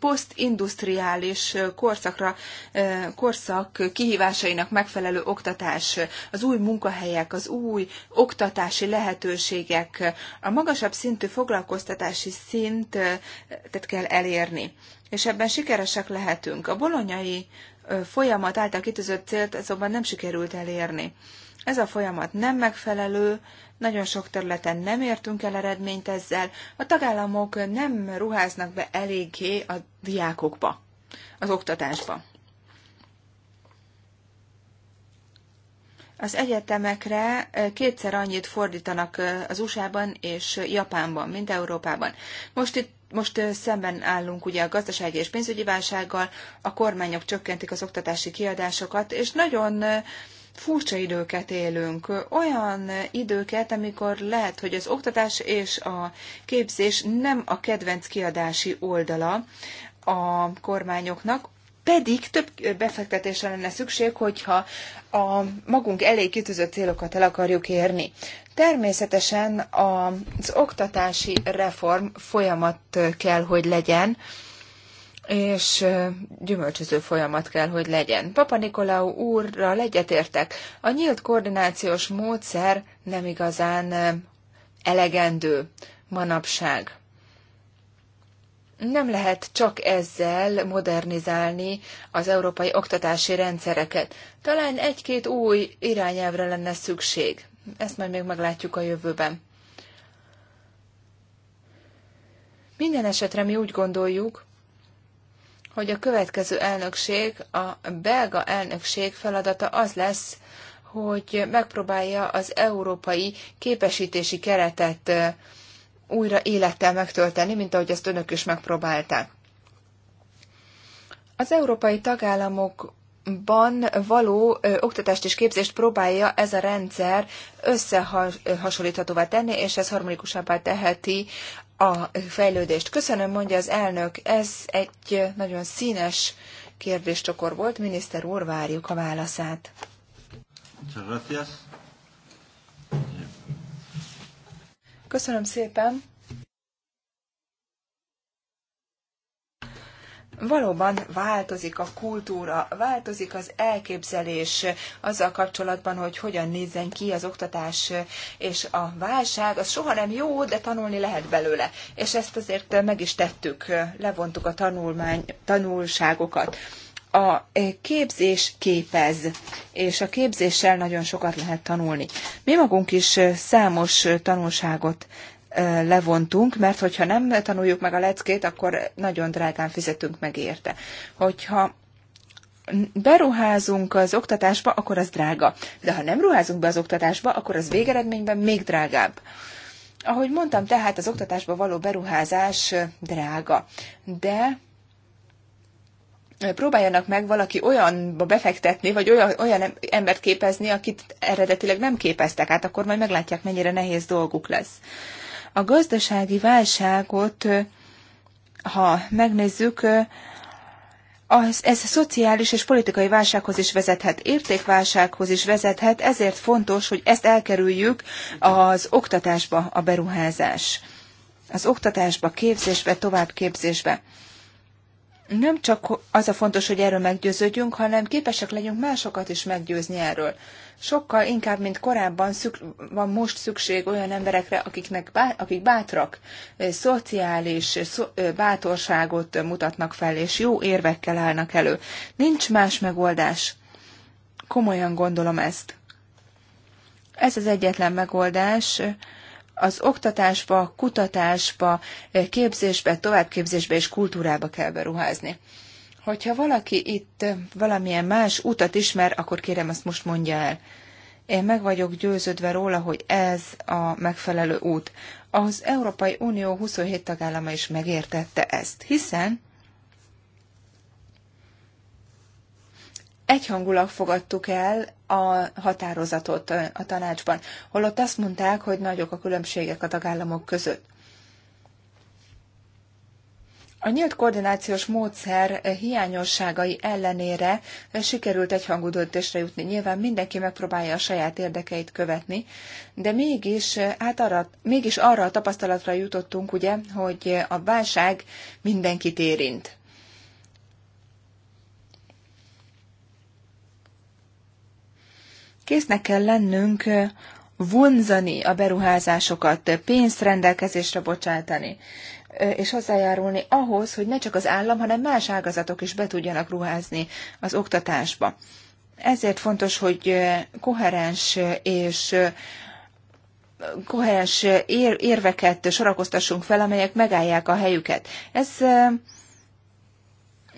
posztindustriális korszakra, korszak kihívásainak megfelelő oktatás, az új munkahelyek, az új oktatási lehetőségek, a magasabb szintű foglalkoztatási szintet kell elérni. És ebben sikeresek lehetünk. A bolonyai folyamat által kitűzött célt azonban nem sikerült elérni. Ez a folyamat nem megfelelő, nagyon sok területen nem értünk el eredményt ezzel, a tagállamok nem ruháznak be eléggé a diákokba, az oktatásba. Az egyetemekre kétszer annyit fordítanak az USA-ban és Japánban, mint Európában. Most itt most szemben állunk ugye a gazdasági és pénzügyi válsággal, a kormányok csökkentik az oktatási kiadásokat, és nagyon furcsa időket élünk, olyan időket, amikor lehet, hogy az oktatás és a képzés nem a kedvenc kiadási oldala a kormányoknak, pedig több befektetésre lenne szükség, hogyha a magunk elé kitűzött célokat el akarjuk érni. Természetesen az oktatási reform folyamat kell, hogy legyen, és gyümölcsöző folyamat kell, hogy legyen. Papa Nikolau úrral egyetértek. A nyílt koordinációs módszer nem igazán elegendő manapság nem lehet csak ezzel modernizálni az európai oktatási rendszereket. Talán egy-két új irányelvre lenne szükség. Ezt majd még meglátjuk a jövőben. Minden esetre mi úgy gondoljuk, hogy a következő elnökség, a belga elnökség feladata az lesz, hogy megpróbálja az európai képesítési keretet újra élettel megtölteni, mint ahogy ezt önök is megpróbálták. Az európai tagállamok ban való ö, oktatást és képzést próbálja ez a rendszer összehasonlíthatóvá tenni, és ez harmonikusabbá teheti a fejlődést. Köszönöm, mondja az elnök. Ez egy nagyon színes kérdéscsokor volt. Miniszter úr, várjuk a válaszát. Köszönöm szépen. Valóban változik a kultúra, változik az elképzelés azzal kapcsolatban, hogy hogyan nézzen ki az oktatás és a válság. Az soha nem jó, de tanulni lehet belőle. És ezt azért meg is tettük, levontuk a tanulmány, tanulságokat a e, képzés képez, és a képzéssel nagyon sokat lehet tanulni. Mi magunk is e, számos e, tanulságot levontunk, mert hogyha nem tanuljuk meg a leckét, akkor nagyon drágán fizetünk meg érte. Hogyha beruházunk az oktatásba, akkor az drága. De ha nem ruházunk be az oktatásba, akkor az végeredményben még drágább. Ahogy mondtam, tehát az oktatásba való beruházás drága. De próbáljanak meg valaki olyanba befektetni, vagy olyan, olyan embert képezni, akit eredetileg nem képeztek, hát akkor majd meglátják, mennyire nehéz dolguk lesz. A gazdasági válságot, ha megnézzük, az, ez a szociális és politikai válsághoz is vezethet, értékválsághoz is vezethet, ezért fontos, hogy ezt elkerüljük az oktatásba a beruházás. Az oktatásba, képzésbe, továbbképzésbe nem csak az a fontos, hogy erről meggyőződjünk, hanem képesek legyünk másokat is meggyőzni erről. Sokkal inkább, mint korábban szük, van most szükség olyan emberekre, akiknek, akik bátrak, szociális szó, bátorságot mutatnak fel, és jó érvekkel állnak elő. Nincs más megoldás. Komolyan gondolom ezt. Ez az egyetlen megoldás, az oktatásba, kutatásba, eh, képzésbe, továbbképzésbe és kultúrába kell beruházni. Hogyha valaki itt eh, valamilyen más utat ismer, akkor kérem, azt most mondja el. Én meg vagyok győződve róla, hogy ez a megfelelő út. Az Európai Unió 27 tagállama is megértette ezt, hiszen egyhangulag fogadtuk el a határozatot a tanácsban, holott azt mondták, hogy nagyok a különbségek a tagállamok között. A nyílt koordinációs módszer hiányosságai ellenére sikerült egyhangú döntésre jutni. Nyilván mindenki megpróbálja a saját érdekeit követni, de mégis, hát arra, mégis arra a tapasztalatra jutottunk, ugye, hogy a válság mindenkit érint. Késznek kell lennünk vonzani a beruházásokat, pénzt rendelkezésre bocsátani, és hozzájárulni ahhoz, hogy ne csak az állam, hanem más ágazatok is be tudjanak ruházni az oktatásba. Ezért fontos, hogy koherens és koherens érveket sorakoztassunk fel, amelyek megállják a helyüket. Ez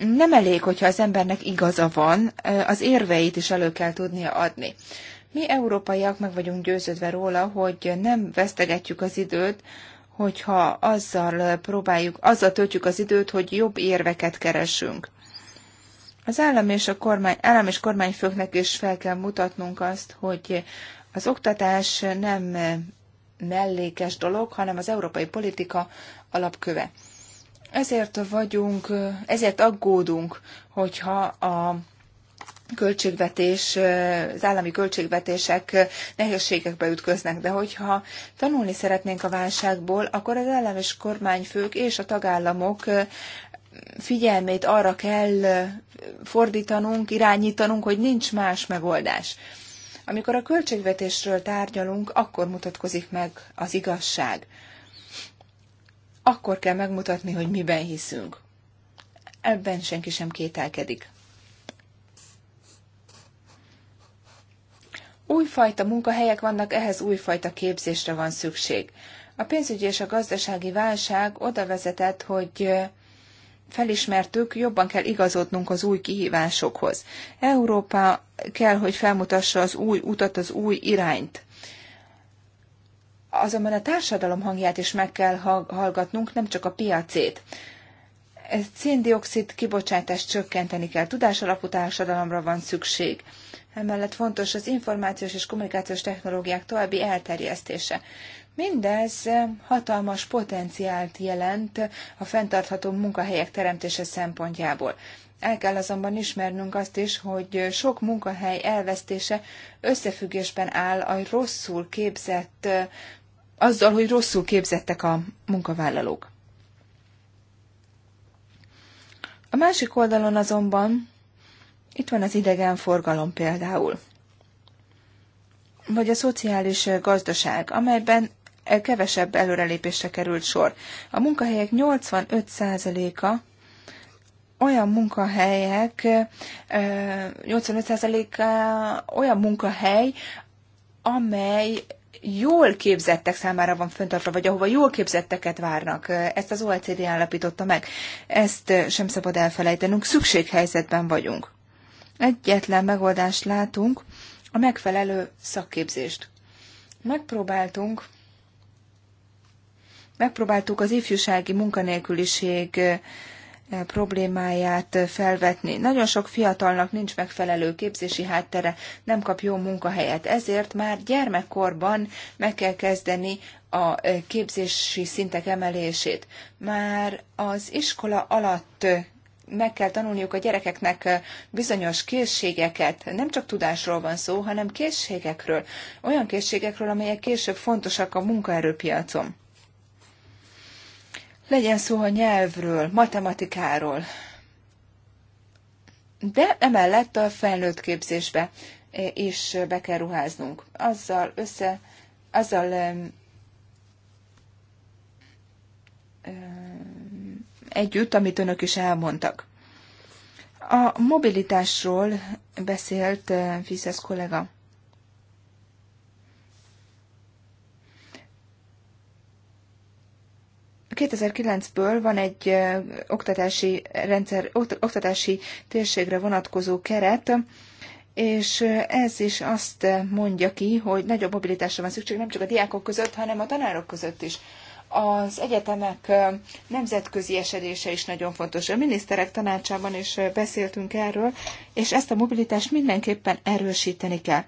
nem elég, hogyha az embernek igaza van, az érveit is elő kell tudnia adni. Mi európaiak meg vagyunk győződve róla, hogy nem vesztegetjük az időt, hogyha azzal próbáljuk, azzal töltjük az időt, hogy jobb érveket keresünk. Az állam és a kormány, állam és kormányfőknek is fel kell mutatnunk azt, hogy az oktatás nem mellékes dolog, hanem az európai politika alapköve. Ezért vagyunk, ezért aggódunk, hogyha a költségvetés, az állami költségvetések nehézségekbe ütköznek, de hogyha tanulni szeretnénk a válságból, akkor az államis és kormányfők és a tagállamok figyelmét arra kell fordítanunk, irányítanunk, hogy nincs más megoldás. Amikor a költségvetésről tárgyalunk, akkor mutatkozik meg az igazság akkor kell megmutatni, hogy miben hiszünk. Ebben senki sem kételkedik. Újfajta munkahelyek vannak, ehhez újfajta képzésre van szükség. A pénzügyi és a gazdasági válság oda vezetett, hogy felismertük, jobban kell igazodnunk az új kihívásokhoz. Európa kell, hogy felmutassa az új utat, az új irányt azonban a társadalom hangját is meg kell hallgatnunk, nem csak a piacét. Ez széndiokszid kibocsátást csökkenteni kell, tudásalapú társadalomra van szükség. Emellett fontos az információs és kommunikációs technológiák további elterjesztése. Mindez hatalmas potenciált jelent a fenntartható munkahelyek teremtése szempontjából. El kell azonban ismernünk azt is, hogy sok munkahely elvesztése összefüggésben áll a rosszul képzett azzal, hogy rosszul képzettek a munkavállalók. A másik oldalon azonban itt van az idegenforgalom például, vagy a szociális gazdaság, amelyben kevesebb előrelépésre került sor. A munkahelyek 85%-a olyan munkahelyek, 85%-a olyan munkahely, amely jól képzettek számára van föntartva, vagy ahova jól képzetteket várnak. Ezt az OECD állapította meg. Ezt sem szabad elfelejtenünk, szükséghelyzetben vagyunk. Egyetlen megoldást látunk, a megfelelő szakképzést. Megpróbáltunk megpróbáltuk az ifjúsági munkanélküliség problémáját felvetni. Nagyon sok fiatalnak nincs megfelelő képzési háttere, nem kap jó munkahelyet. Ezért már gyermekkorban meg kell kezdeni a képzési szintek emelését. Már az iskola alatt meg kell tanulniuk a gyerekeknek bizonyos készségeket. Nem csak tudásról van szó, hanem készségekről. Olyan készségekről, amelyek később fontosak a munkaerőpiacon. Legyen szó a nyelvről, matematikáról, de emellett a felnőtt képzésbe eh, is be kell ruháznunk. Azzal össze, azzal együtt, amit önök is elmondtak. A mobilitásról beszélt eh, Fiszesz kollega. 2009-ből van egy oktatási, rendszer, oktatási térségre vonatkozó keret, és ez is azt mondja ki, hogy nagyobb mobilitásra van szükség nem csak a diákok között, hanem a tanárok között is. Az egyetemek nemzetközi esedése is nagyon fontos. A miniszterek tanácsában is beszéltünk erről, és ezt a mobilitást mindenképpen erősíteni kell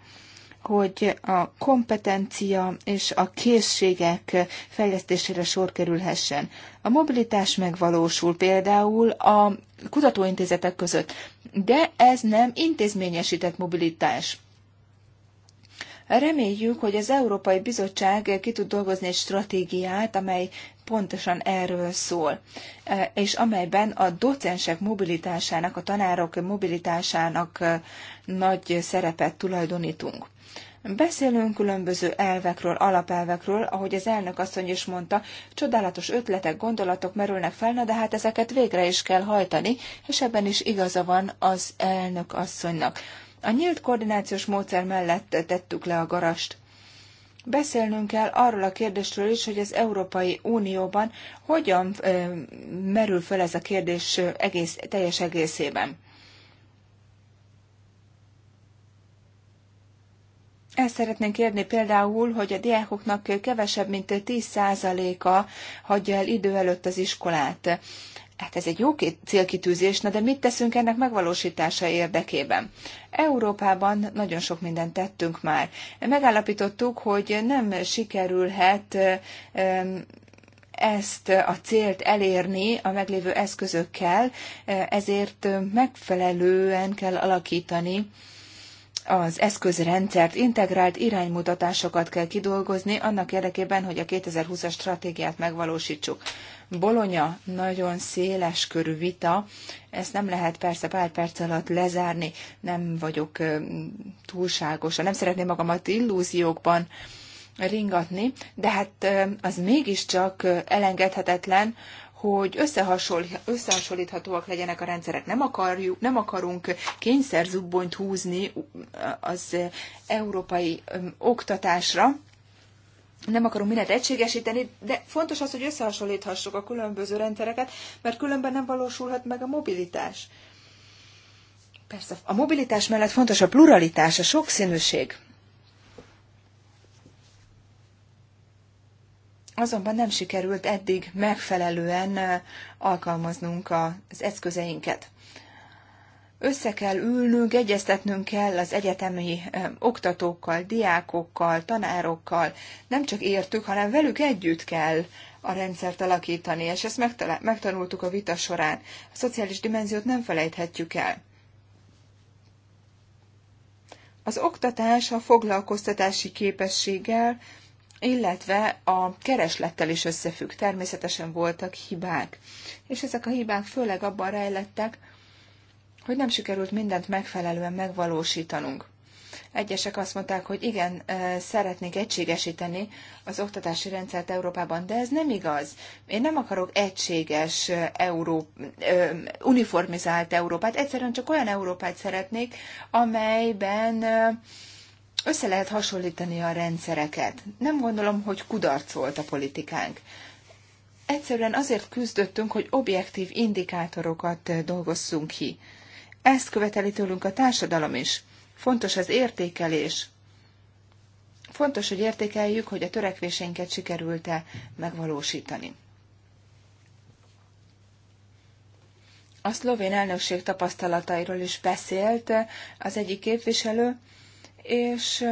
hogy a kompetencia és a készségek fejlesztésére sor kerülhessen. A mobilitás megvalósul például a kutatóintézetek között, de ez nem intézményesített mobilitás. Reméljük, hogy az Európai Bizottság ki tud dolgozni egy stratégiát, amely pontosan erről szól, és amelyben a docensek mobilitásának, a tanárok mobilitásának nagy szerepet tulajdonítunk. Beszélünk különböző elvekről, alapelvekről, ahogy az elnök asszony is mondta, csodálatos ötletek, gondolatok merülnek fel, na de hát ezeket végre is kell hajtani, és ebben is igaza van az elnök asszonynak. A nyílt koordinációs módszer mellett tettük le a garast. Beszélnünk kell arról a kérdésről is, hogy az Európai Unióban hogyan merül fel ez a kérdés egész, teljes egészében. Ezt szeretnénk kérni például, hogy a diákoknak kevesebb, mint 10%-a hagyja el idő előtt az iskolát. Hát ez egy jó célkitűzés, na de mit teszünk ennek megvalósítása érdekében? Európában nagyon sok mindent tettünk már. Megállapítottuk, hogy nem sikerülhet ezt a célt elérni a meglévő eszközökkel, ezért megfelelően kell alakítani az eszközrendszert, integrált iránymutatásokat kell kidolgozni annak érdekében, hogy a 2020-as stratégiát megvalósítsuk. Bolonya nagyon széles körű vita, ezt nem lehet persze pár perc alatt lezárni, nem vagyok túlságosan, nem szeretném magamat illúziókban ringatni, de hát az mégiscsak elengedhetetlen, hogy összehasonlíthatóak legyenek a rendszerek. Nem, akarjuk, nem akarunk kényszerzubbonyt húzni az európai oktatásra, nem akarunk mindent egységesíteni, de fontos az, hogy összehasonlíthassuk a különböző rendszereket, mert különben nem valósulhat meg a mobilitás. Persze, a mobilitás mellett fontos a pluralitás, a sokszínűség. azonban nem sikerült eddig megfelelően alkalmaznunk az eszközeinket. Össze kell ülnünk, egyeztetnünk kell az egyetemi oktatókkal, diákokkal, tanárokkal. Nem csak értük, hanem velük együtt kell a rendszert alakítani, és ezt megtanultuk a vita során. A szociális dimenziót nem felejthetjük el. Az oktatás a foglalkoztatási képességgel, illetve a kereslettel is összefügg. Természetesen voltak hibák, és ezek a hibák főleg abban rejlettek, hogy nem sikerült mindent megfelelően megvalósítanunk. Egyesek azt mondták, hogy igen, szeretnék egységesíteni az oktatási rendszert Európában, de ez nem igaz. Én nem akarok egységes, Euró, uniformizált Európát, egyszerűen csak olyan Európát szeretnék, amelyben össze lehet hasonlítani a rendszereket. Nem gondolom, hogy kudarc volt a politikánk. Egyszerűen azért küzdöttünk, hogy objektív indikátorokat eh, dolgozzunk ki. Ezt követeli tőlünk a társadalom is. Fontos az értékelés. Fontos, hogy értékeljük, hogy a törekvéseinket sikerült-e megvalósítani. A szlovén elnökség tapasztalatairól is beszélt eh, az egyik képviselő, és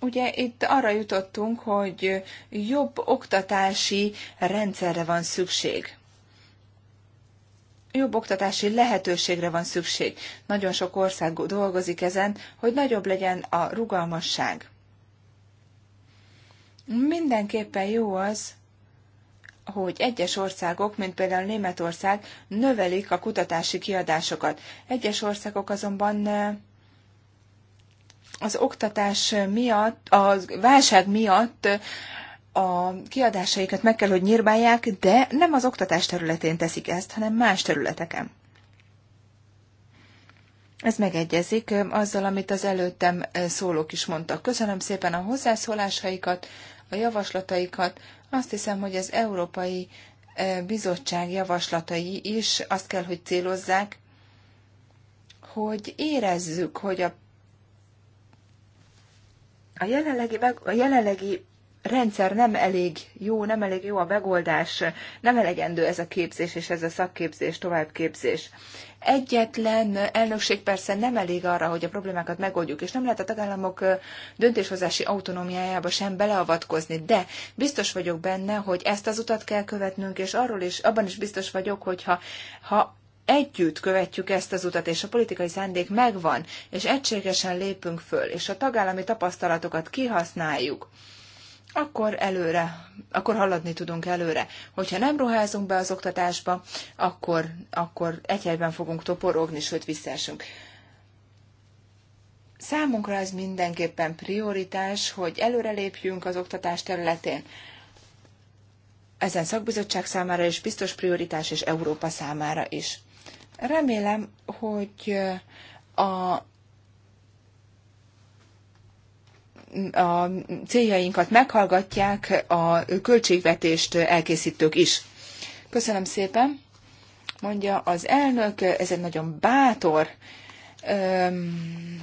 ugye itt arra jutottunk, hogy jobb oktatási rendszerre van szükség. Jobb oktatási lehetőségre van szükség. Nagyon sok ország dolgozik ezen, hogy nagyobb legyen a rugalmasság. Mindenképpen jó az, hogy egyes országok, mint például Németország, növelik a kutatási kiadásokat. Egyes országok azonban az oktatás miatt, a válság miatt a kiadásaikat meg kell, hogy nyírbálják, de nem az oktatás területén teszik ezt, hanem más területeken. Ez megegyezik azzal, amit az előttem szólók is mondtak. Köszönöm szépen a hozzászólásaikat, a javaslataikat. Azt hiszem, hogy az Európai e, Bizottság javaslatai is azt kell, hogy célozzák, hogy érezzük, hogy a a jelenlegi, a jelenlegi rendszer nem elég jó, nem elég jó a megoldás, nem elegendő ez a képzés és ez a szakképzés, továbbképzés. Egyetlen elnökség persze nem elég arra, hogy a problémákat megoldjuk, és nem lehet a tagállamok döntéshozási autonómiájába sem beleavatkozni, de biztos vagyok benne, hogy ezt az utat kell követnünk, és arról is, abban is biztos vagyok, hogy ha, ha együtt követjük ezt az utat, és a politikai szándék megvan, és egységesen lépünk föl, és a tagállami tapasztalatokat kihasználjuk, akkor előre, akkor haladni tudunk előre. Hogyha nem ruházunk be az oktatásba, akkor, akkor egy helyben fogunk toporogni, sőt visszaesünk. Számunkra ez mindenképpen prioritás, hogy előrelépjünk az oktatás területén. Ezen szakbizottság számára is biztos prioritás, és Európa számára is. Remélem, hogy a a céljainkat meghallgatják a költségvetést elkészítők is. Köszönöm szépen, mondja az elnök, ez egy nagyon bátor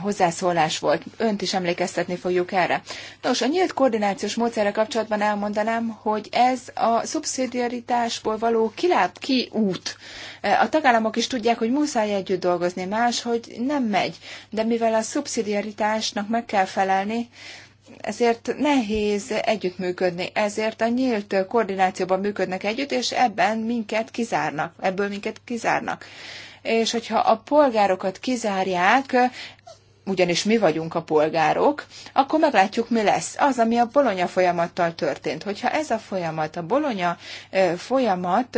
hozzászólás volt. Önt is emlékeztetni fogjuk erre. Nos, a nyílt koordinációs módszerre kapcsolatban elmondanám, hogy ez a szubszidiaritásból való kiláb kiút. E, a tagállamok is tudják, hogy muszáj együtt dolgozni, más, hogy nem megy. De mivel a szubszidiaritásnak meg kell felelni, ezért nehéz együttműködni, ezért a nyílt koordinációban működnek együtt, és ebben minket kizárnak, ebből minket kizárnak és hogyha a polgárokat kizárják, ugyanis mi vagyunk a polgárok, akkor meglátjuk, mi lesz. Az, ami a bolonya folyamattal történt. Hogyha ez a folyamat, a bolonya folyamat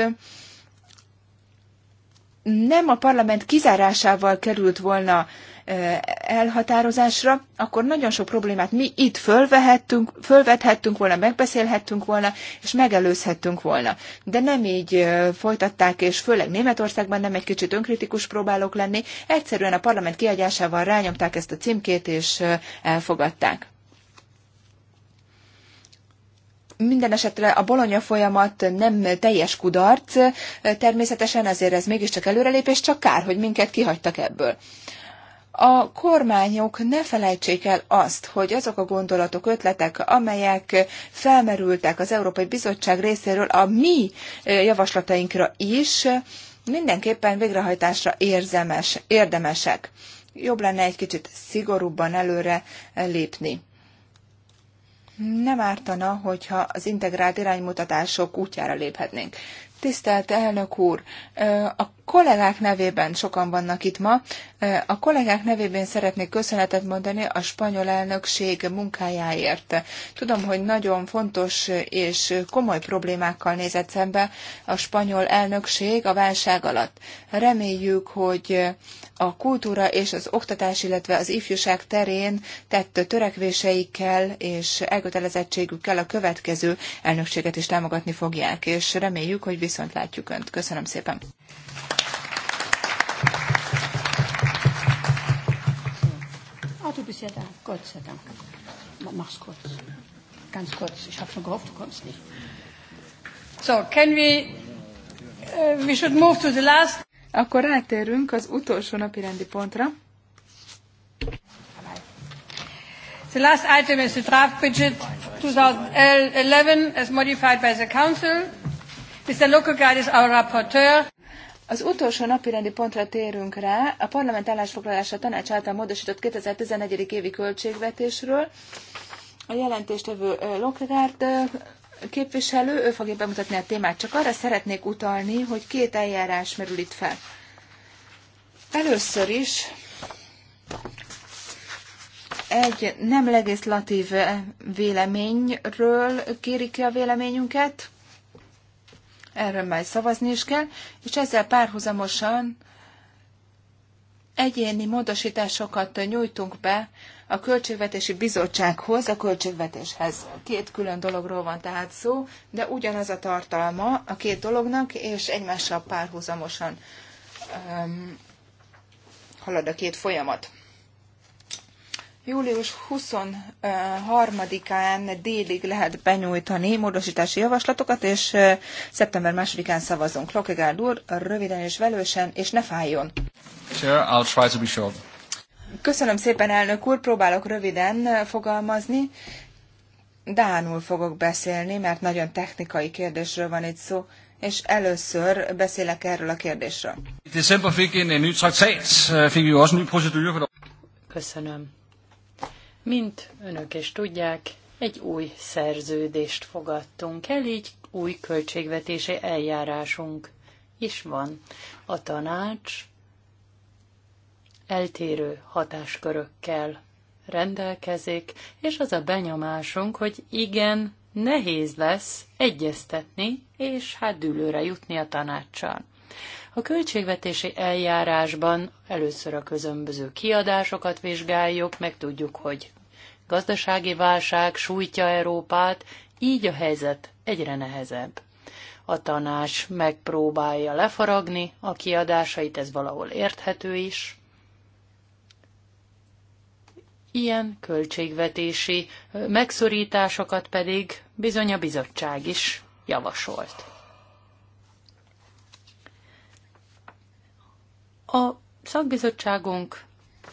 nem a parlament kizárásával került volna elhatározásra, akkor nagyon sok problémát mi itt fölvehettünk, fölvethettünk volna, megbeszélhettünk volna, és megelőzhettünk volna. De nem így folytatták, és főleg Németországban nem egy kicsit önkritikus próbálok lenni, egyszerűen a parlament kiadásával rányomták ezt a címkét, és elfogadták. Minden esetre a bolonya folyamat nem teljes kudarc, természetesen ezért ez mégiscsak előrelépés, csak kár, hogy minket kihagytak ebből. A kormányok ne felejtsék el azt, hogy azok a gondolatok, ötletek, amelyek felmerültek az Európai Bizottság részéről a mi eh, javaslatainkra is, mindenképpen végrehajtásra érzemes, érdemesek. Jobb lenne egy kicsit szigorúbban előre eh, lépni nem ártana, hogyha az integrált iránymutatások útjára léphetnénk. Tisztelt elnök úr, a kollégák nevében sokan vannak itt ma. A kollégák nevében szeretnék köszönetet mondani a spanyol elnökség munkájáért. Tudom, hogy nagyon fontos és komoly problémákkal nézett szembe a spanyol elnökség a válság alatt. Reméljük, hogy a kultúra és az oktatás, illetve az ifjúság terén tett törekvéseikkel és elkötelezettségükkel a következő elnökséget is támogatni fogják, és reméljük, hogy viszont látjuk Önt. Köszönöm szépen! Ah, du bist da. Gott sei Dank. Mach's kurz. Ganz kurz. Ich habe schon gehofft, du kommst nicht. So, can we... Uh, we should move to the last... Akkor rátérünk az utolsó napi rendi pontra. The last item is the draft budget 2011 as modified by the Council. Mr. Guide is our rapporteur. Az utolsó napirendi pontra térünk rá, a parlament állásfoglalása tanács által módosított 2011. évi költségvetésről. A jelentéstevő Lokregárd képviselő, ő fogja bemutatni a témát, csak arra szeretnék utalni, hogy két eljárás merül itt fel. Először is egy nem legislatív véleményről kéri ki a véleményünket, erről majd szavazni is kell, és ezzel párhuzamosan egyéni módosításokat nyújtunk be a Költségvetési Bizottsághoz, a költségvetéshez. Két külön dologról van tehát szó, de ugyanaz a tartalma a két dolognak, és egymással párhuzamosan um, halad a két folyamat. Július 23-án délig lehet benyújtani módosítási javaslatokat, és szeptember 2-án szavazunk. Lokegárd úr, röviden és velősen, és ne fájjon! Sure, I'll try to be short. Köszönöm szépen, elnök úr, próbálok röviden fogalmazni. Dánul fogok beszélni, mert nagyon technikai kérdésről van itt szó, és először beszélek erről a kérdésről. December øh, Köszönöm. Mint önök is tudják, egy új szerződést fogadtunk el, így új költségvetési eljárásunk is van. A tanács eltérő hatáskörökkel rendelkezik, és az a benyomásunk, hogy igen, nehéz lesz egyeztetni, és hát dülőre jutni a tanácssal. A költségvetési eljárásban először a közömböző kiadásokat vizsgáljuk, meg tudjuk, hogy gazdasági válság sújtja Európát, így a helyzet egyre nehezebb. A tanács megpróbálja lefaragni a kiadásait, ez valahol érthető is, Ilyen költségvetési megszorításokat pedig bizony a bizottság is javasolt. A szakbizottságunk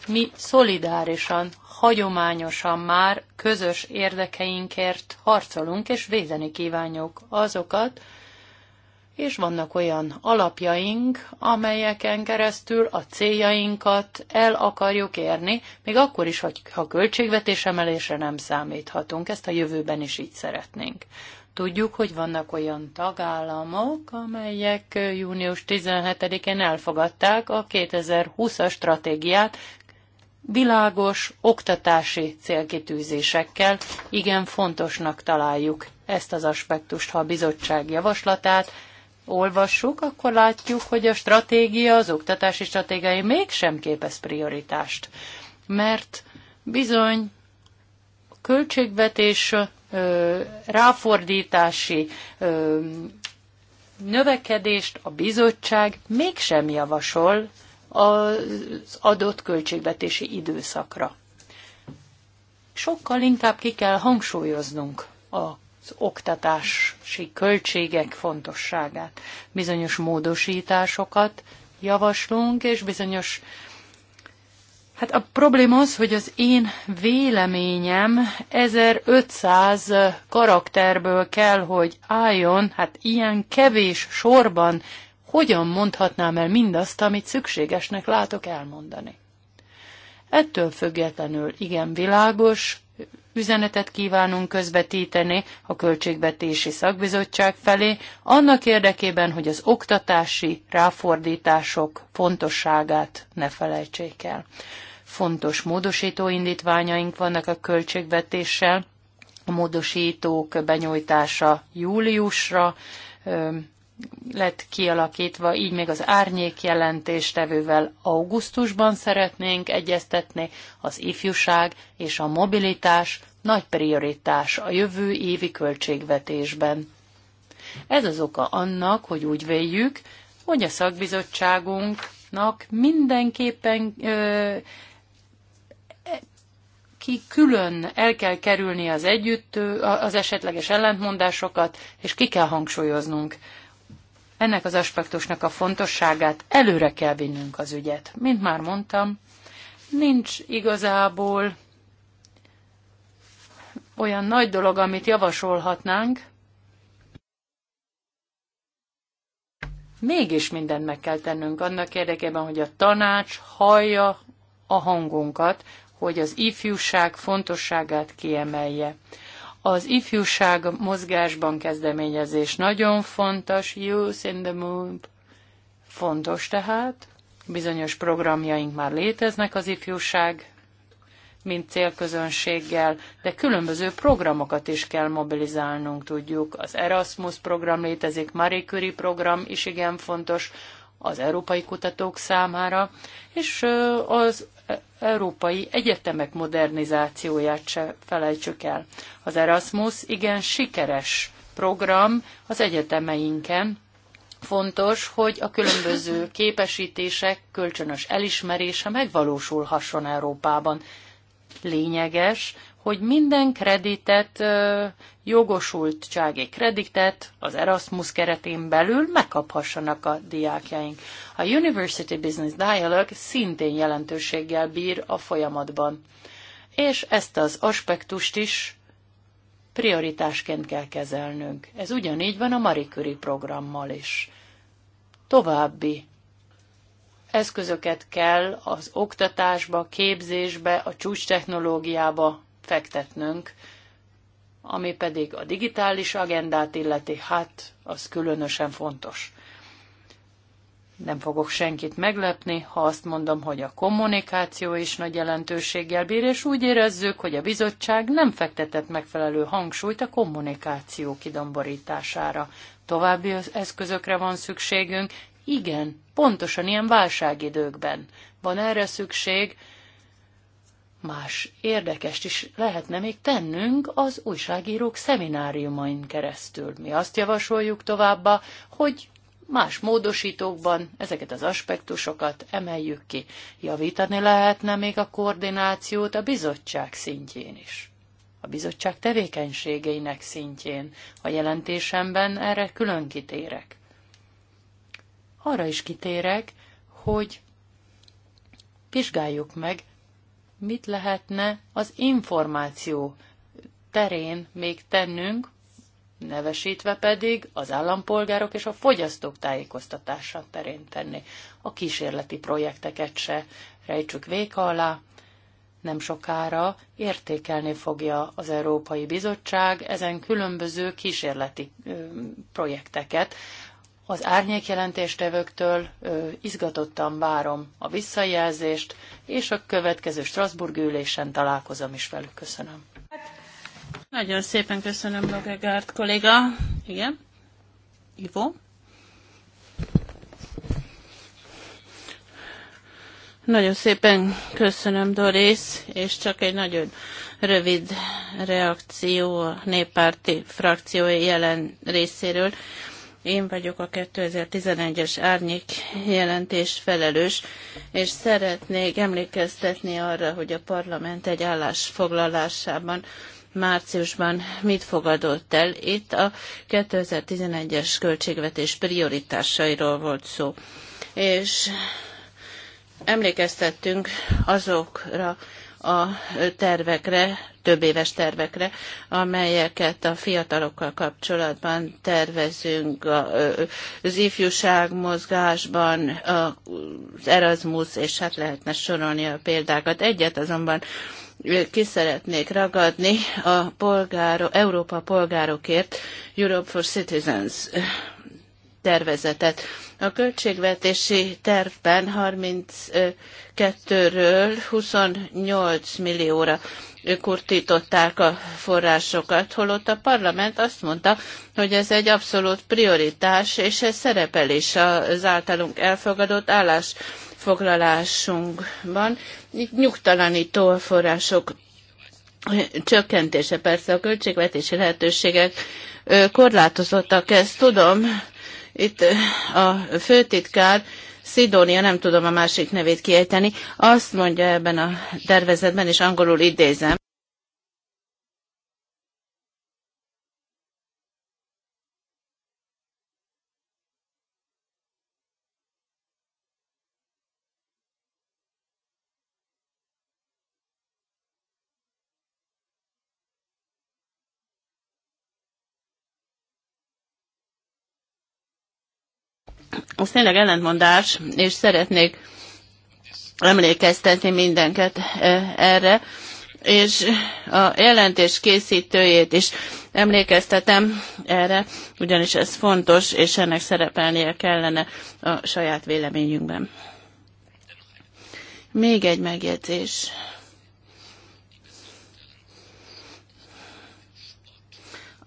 mi szolidárisan, hagyományosan már közös érdekeinkért harcolunk és védeni kívánjuk azokat, és vannak olyan alapjaink, amelyeken keresztül a céljainkat el akarjuk érni, még akkor is, hogy ha költségvetés emelésre nem számíthatunk, ezt a jövőben is így szeretnénk. Tudjuk, hogy vannak olyan tagállamok, amelyek június 17-én elfogadták a 2020-as stratégiát, világos oktatási célkitűzésekkel igen fontosnak találjuk ezt az aspektust, ha a bizottság javaslatát olvassuk, akkor látjuk, hogy a stratégia, az oktatási stratégiai mégsem képez prioritást. Mert bizony költségvetés ráfordítási növekedést a bizottság mégsem javasol az adott költségvetési időszakra. Sokkal inkább ki kell hangsúlyoznunk a oktatási költségek fontosságát. Bizonyos módosításokat javaslunk, és bizonyos Hát a probléma az, hogy az én véleményem 1500 karakterből kell, hogy álljon, hát ilyen kevés sorban hogyan mondhatnám el mindazt, amit szükségesnek látok elmondani. Ettől függetlenül igen világos, üzenetet kívánunk közvetíteni a Költségvetési Szakbizottság felé, annak érdekében, hogy az oktatási ráfordítások fontosságát ne felejtsék el. Fontos módosító indítványaink vannak a költségvetéssel, a módosítók benyújtása júliusra lett kialakítva, így még az árnyék jelentéstevővel augusztusban szeretnénk egyeztetni, az ifjúság és a mobilitás nagy prioritás a jövő évi költségvetésben. Ez az oka annak, hogy úgy véljük, hogy a szakbizottságunknak mindenképpen ö, ki külön el kell kerülni az együtt, az esetleges ellentmondásokat, és ki kell hangsúlyoznunk ennek az aspektusnak a fontosságát előre kell vinnünk az ügyet. Mint már mondtam, nincs igazából olyan nagy dolog, amit javasolhatnánk, mégis mindent meg kell tennünk annak érdekében, hogy a tanács hallja a hangunkat, hogy az ifjúság fontosságát kiemelje. Az ifjúság mozgásban kezdeményezés nagyon fontos, Youth in the Move fontos tehát. Bizonyos programjaink már léteznek az ifjúság mint célközönséggel, de különböző programokat is kell mobilizálnunk, tudjuk. Az Erasmus program létezik, Marie Curie program is igen fontos, az európai kutatók számára, és az európai egyetemek modernizációját se felejtsük el. Az Erasmus igen sikeres program az egyetemeinken. Fontos, hogy a különböző képesítések kölcsönös elismerése megvalósulhasson Európában lényeges, hogy minden kreditet, jogosultsági kreditet az Erasmus keretén belül megkaphassanak a diákjaink. A University Business Dialogue szintén jelentőséggel bír a folyamatban, és ezt az aspektust is prioritásként kell kezelnünk. Ez ugyanígy van a Marie Curie programmal is. További eszközöket kell az oktatásba, képzésbe, a csúcs technológiába fektetnünk, ami pedig a digitális agendát illeti, hát az különösen fontos. Nem fogok senkit meglepni, ha azt mondom, hogy a kommunikáció is nagy jelentőséggel bír, és úgy érezzük, hogy a bizottság nem fektetett megfelelő hangsúlyt a kommunikáció kidomborítására. További eszközökre van szükségünk, igen, pontosan ilyen válságidőkben van erre szükség, más érdekest is lehetne még tennünk az újságírók szemináriumain keresztül. Mi azt javasoljuk továbbá, hogy más módosítókban ezeket az aspektusokat emeljük ki. Javítani lehetne még a koordinációt a bizottság szintjén is. A bizottság tevékenységeinek szintjén. A jelentésemben erre külön kitérek arra is kitérek, hogy vizsgáljuk meg, mit lehetne az információ terén még tennünk, nevesítve pedig az állampolgárok és a fogyasztók tájékoztatása terén tenni. A kísérleti projekteket se rejtsük véka alá, nem sokára értékelni fogja az Európai Bizottság ezen különböző kísérleti projekteket, az árnyék jelentéstevőktől ö, izgatottan várom a visszajelzést, és a következő Strasbourg ülésen találkozom is velük. Köszönöm. Nagyon szépen köszönöm, Logegárt kolléga. Igen. Ivo. Nagyon szépen köszönöm, Doris, és csak egy nagyon rövid reakció a néppárti frakciói jelen részéről. Én vagyok a 2011-es árnyék jelentés felelős, és szeretnék emlékeztetni arra, hogy a parlament egy állásfoglalásában márciusban mit fogadott el. Itt a 2011-es költségvetés prioritásairól volt szó. És emlékeztettünk azokra a tervekre, több éves tervekre, amelyeket a fiatalokkal kapcsolatban tervezünk az ifjúság mozgásban, az Erasmus, és hát lehetne sorolni a példákat. Egyet azonban ki szeretnék ragadni a polgáro, Európa polgárokért, Europe for Citizens tervezetet. A költségvetési tervben 32-ről 28 millióra kurtították a forrásokat, holott a parlament azt mondta, hogy ez egy abszolút prioritás, és ez szerepel is az általunk elfogadott állásfoglalásunkban. Itt nyugtalanító a források csökkentése, persze a költségvetési lehetőségek korlátozottak, ezt tudom, itt a főtitkár Szidónia, nem tudom a másik nevét kiejteni, azt mondja ebben a tervezetben, és angolul idézem, az tényleg ellentmondás, és szeretnék emlékeztetni mindenket e, erre, és a jelentés készítőjét is emlékeztetem erre, ugyanis ez fontos, és ennek szerepelnie kellene a saját véleményünkben. Még egy megjegyzés.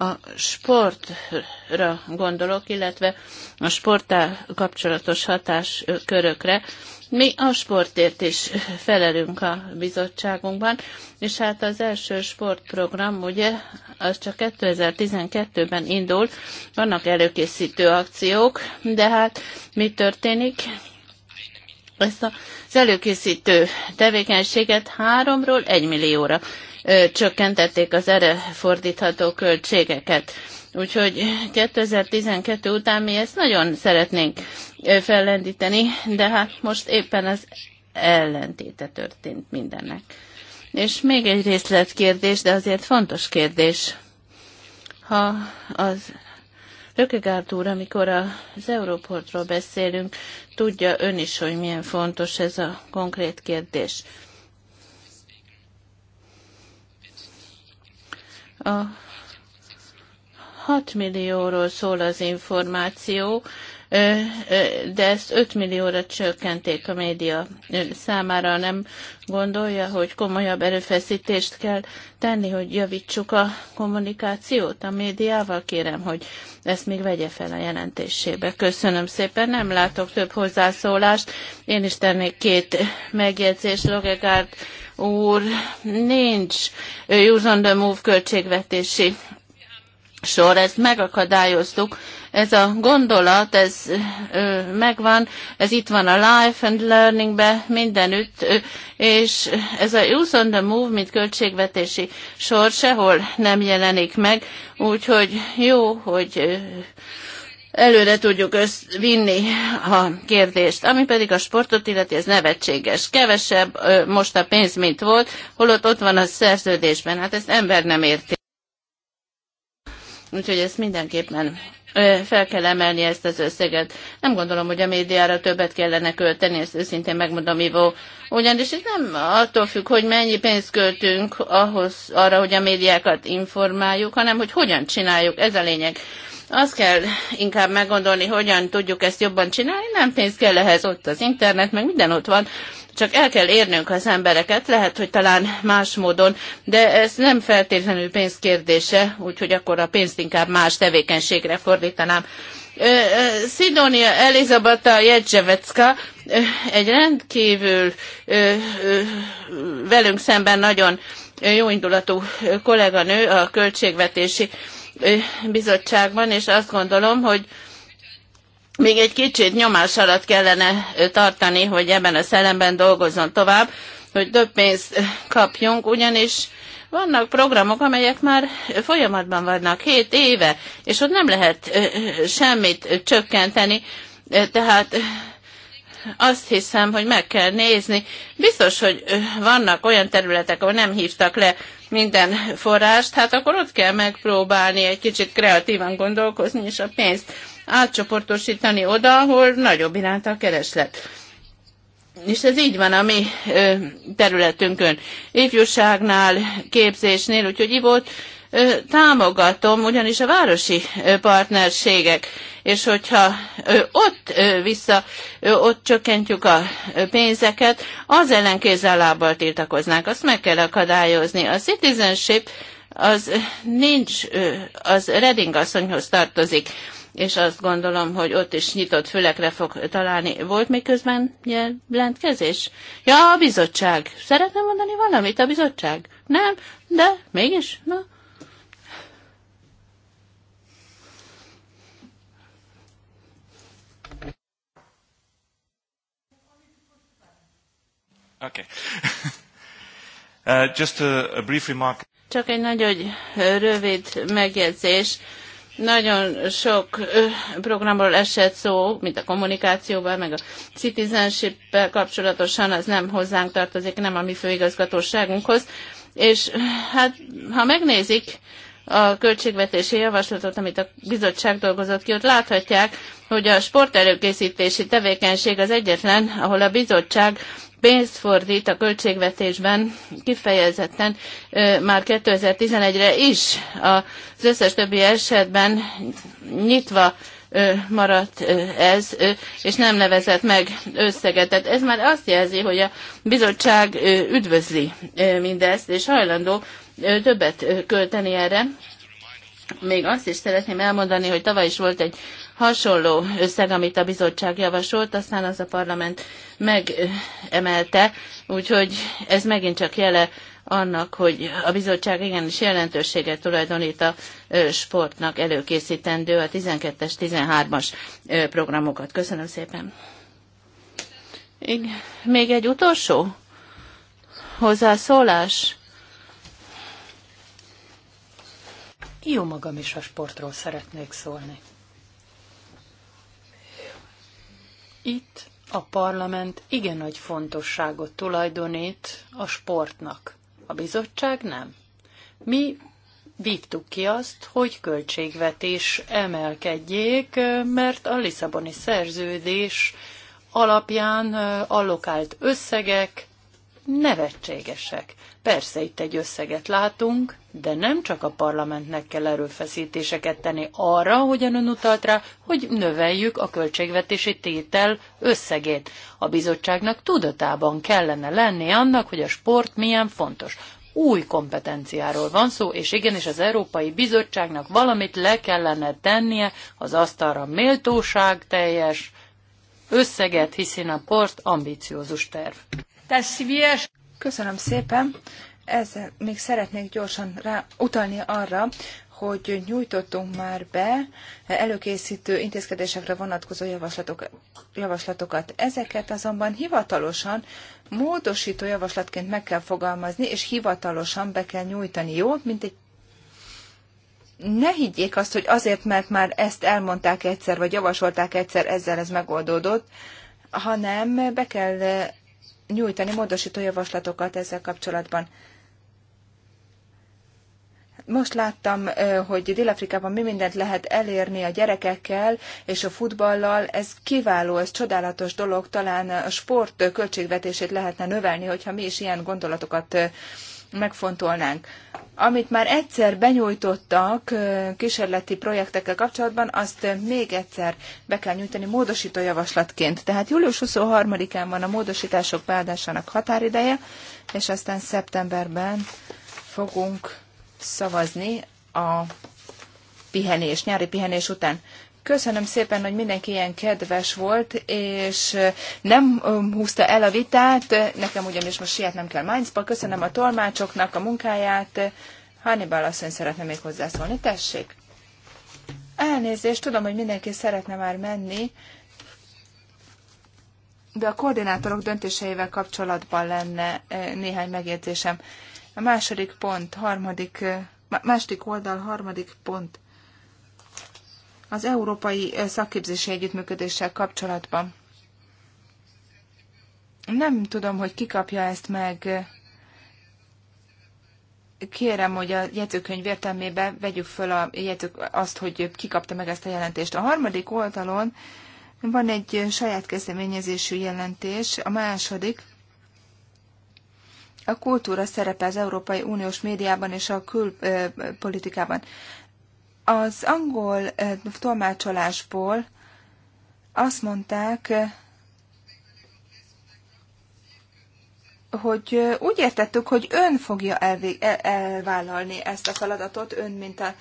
a sportra gondolok, illetve a sporttal kapcsolatos hatáskörökre. Mi a sportért is felelünk a bizottságunkban, és hát az első sportprogram, ugye, az csak 2012-ben indul, vannak előkészítő akciók, de hát mi történik? Ezt az előkészítő tevékenységet háromról egy millióra csökkentették az erre fordítható költségeket. Úgyhogy 2012 után mi ezt nagyon szeretnénk fellendíteni, de hát most éppen az ellentéte történt mindennek. És még egy részletkérdés, de azért fontos kérdés. Ha az Rökegárt úr, amikor az Európortról beszélünk, tudja ön is, hogy milyen fontos ez a konkrét kérdés. A 6 millióról szól az információ, de ezt 5 millióra csökkenték a média számára. Nem gondolja, hogy komolyabb erőfeszítést kell tenni, hogy javítsuk a kommunikációt a médiával? Kérem, hogy ezt még vegye fel a jelentésébe. Köszönöm szépen, nem látok több hozzászólást. Én is tennék két megjegyzést Logegárd úr, nincs Use on the Move költségvetési sor, ezt megakadályoztuk. Ez a gondolat, ez ö, megvan, ez itt van a Life and Learningbe mindenütt, ö, és ez a Use on the Move, mint költségvetési sor sehol nem jelenik meg, úgyhogy jó, hogy ö, előre tudjuk össz vinni a kérdést. Ami pedig a sportot illeti, ez nevetséges. Kevesebb ö, most a pénz, mint volt, holott ott van a szerződésben. Hát ezt ember nem érti. Úgyhogy ezt mindenképpen ö, fel kell emelni ezt az összeget. Nem gondolom, hogy a médiára többet kellene költeni, ezt őszintén megmondom, Ivo. Ugyanis itt nem attól függ, hogy mennyi pénzt költünk ahhoz, arra, hogy a médiákat informáljuk, hanem hogy hogyan csináljuk, ez a lényeg. Azt kell inkább meggondolni, hogyan tudjuk ezt jobban csinálni, nem pénz kell ehhez, ott az internet, meg minden ott van, csak el kell érnünk az embereket, lehet, hogy talán más módon, de ez nem feltétlenül pénz kérdése, úgyhogy akkor a pénzt inkább más tevékenységre fordítanám. Szidonia Elizabata Jedzsevecka egy rendkívül velünk szemben nagyon jóindulatú kolléganő, a költségvetési bizottságban, és azt gondolom, hogy még egy kicsit nyomás alatt kellene tartani, hogy ebben a szellemben dolgozzon tovább, hogy több pénzt kapjunk, ugyanis vannak programok, amelyek már folyamatban vannak, hét éve, és ott nem lehet semmit csökkenteni, tehát azt hiszem, hogy meg kell nézni. Biztos, hogy vannak olyan területek, ahol nem hívtak le minden forrást, hát akkor ott kell megpróbálni egy kicsit kreatívan gondolkozni, és a pénzt átcsoportosítani oda, ahol nagyobb iránt a kereslet. És ez így van a mi területünkön, ifjúságnál, képzésnél, úgyhogy Ivót támogatom, ugyanis a városi partnerségek, és hogyha ott vissza, ott csökkentjük a pénzeket, az ellen kézzel lábbal tiltakoznánk, azt meg kell akadályozni. A citizenship az nincs, az Reding asszonyhoz tartozik, és azt gondolom, hogy ott is nyitott fülekre fog találni. Volt még közben jelentkezés? Ja, a bizottság. Szeretném mondani valamit a bizottság? Nem? De mégis? Na, Okay. uh, just a, a brief remark. Csak egy nagyon rövid megjegyzés. Nagyon sok programról esett szó, mint a kommunikációval, meg a citizenship kapcsolatosan, az nem hozzánk tartozik, nem a mi főigazgatóságunkhoz. És hát, ha megnézik, a költségvetési javaslatot, amit a bizottság dolgozott ki, ott láthatják, hogy a sporterőkészítési tevékenység az egyetlen, ahol a bizottság pénzt fordít a költségvetésben kifejezetten már 2011-re is az összes többi esetben nyitva maradt ez, és nem nevezett meg összeget. Tehát ez már azt jelzi, hogy a bizottság üdvözli mindezt, és hajlandó többet költeni erre. Még azt is szeretném elmondani, hogy tavaly is volt egy hasonló összeg, amit a bizottság javasolt, aztán az a parlament megemelte, úgyhogy ez megint csak jele annak, hogy a bizottság igenis jelentőséget tulajdonít a sportnak előkészítendő a 12-es, 13-as programokat. Köszönöm szépen. Igen. Még egy utolsó hozzászólás. Jó magam is a sportról szeretnék szólni. Itt a parlament igen nagy fontosságot tulajdonít a sportnak. A bizottság nem. Mi vívtuk ki azt, hogy költségvetés emelkedjék, mert a Lisszaboni szerződés alapján allokált összegek nevetségesek. Persze itt egy összeget látunk, de nem csak a parlamentnek kell erőfeszítéseket tenni arra, hogyan ön utalt rá, hogy növeljük a költségvetési tétel összegét. A bizottságnak tudatában kellene lenni annak, hogy a sport milyen fontos. Új kompetenciáról van szó, és igenis az Európai Bizottságnak valamit le kellene tennie az asztalra méltóság teljes összeget, hiszen a port ambiciózus terv. Köszönöm szépen. Ezzel még szeretnék gyorsan rá, utalni arra, hogy nyújtottunk már be előkészítő intézkedésekre vonatkozó javaslatok, javaslatokat. Ezeket azonban hivatalosan módosító javaslatként meg kell fogalmazni, és hivatalosan be kell nyújtani, jó? Mint egy ne higgyék azt, hogy azért, mert már ezt elmondták egyszer, vagy javasolták egyszer, ezzel ez megoldódott, hanem be kell eh, nyújtani módosító javaslatokat ezzel kapcsolatban most láttam, hogy Dél-Afrikában mi mindent lehet elérni a gyerekekkel és a futballal. Ez kiváló, ez csodálatos dolog. Talán a sport költségvetését lehetne növelni, hogyha mi is ilyen gondolatokat megfontolnánk. Amit már egyszer benyújtottak kísérleti projektekkel kapcsolatban, azt még egyszer be kell nyújtani módosító javaslatként. Tehát július 23-án van a módosítások beadásának határideje, és aztán szeptemberben fogunk szavazni a pihenés, nyári pihenés után. Köszönöm szépen, hogy mindenki ilyen kedves volt, és nem um, húzta el a vitát, nekem ugyanis most sietnem kell Mainzba. Köszönöm a tolmácsoknak a munkáját. Hannibal asszony szeretne még hozzászólni, tessék. Elnézést, tudom, hogy mindenki szeretne már menni, de a koordinátorok döntéseivel kapcsolatban lenne eh, néhány megjegyzésem. A második pont, harmadik, második oldal, harmadik pont. Az európai szakképzési együttműködéssel kapcsolatban. Nem tudom, hogy kikapja ezt meg. Kérem, hogy a jegyzőkönyv értelmébe vegyük föl a jegyzők, azt, hogy kikapta meg ezt a jelentést. A harmadik oldalon van egy saját kezdeményezésű jelentés, a második, a kultúra szerepe az Európai Uniós médiában és a külpolitikában. Az angol tolmácsolásból azt mondták, hogy úgy értettük, hogy ön fogja elvég, elvállalni ezt a feladatot, ön, mint, a,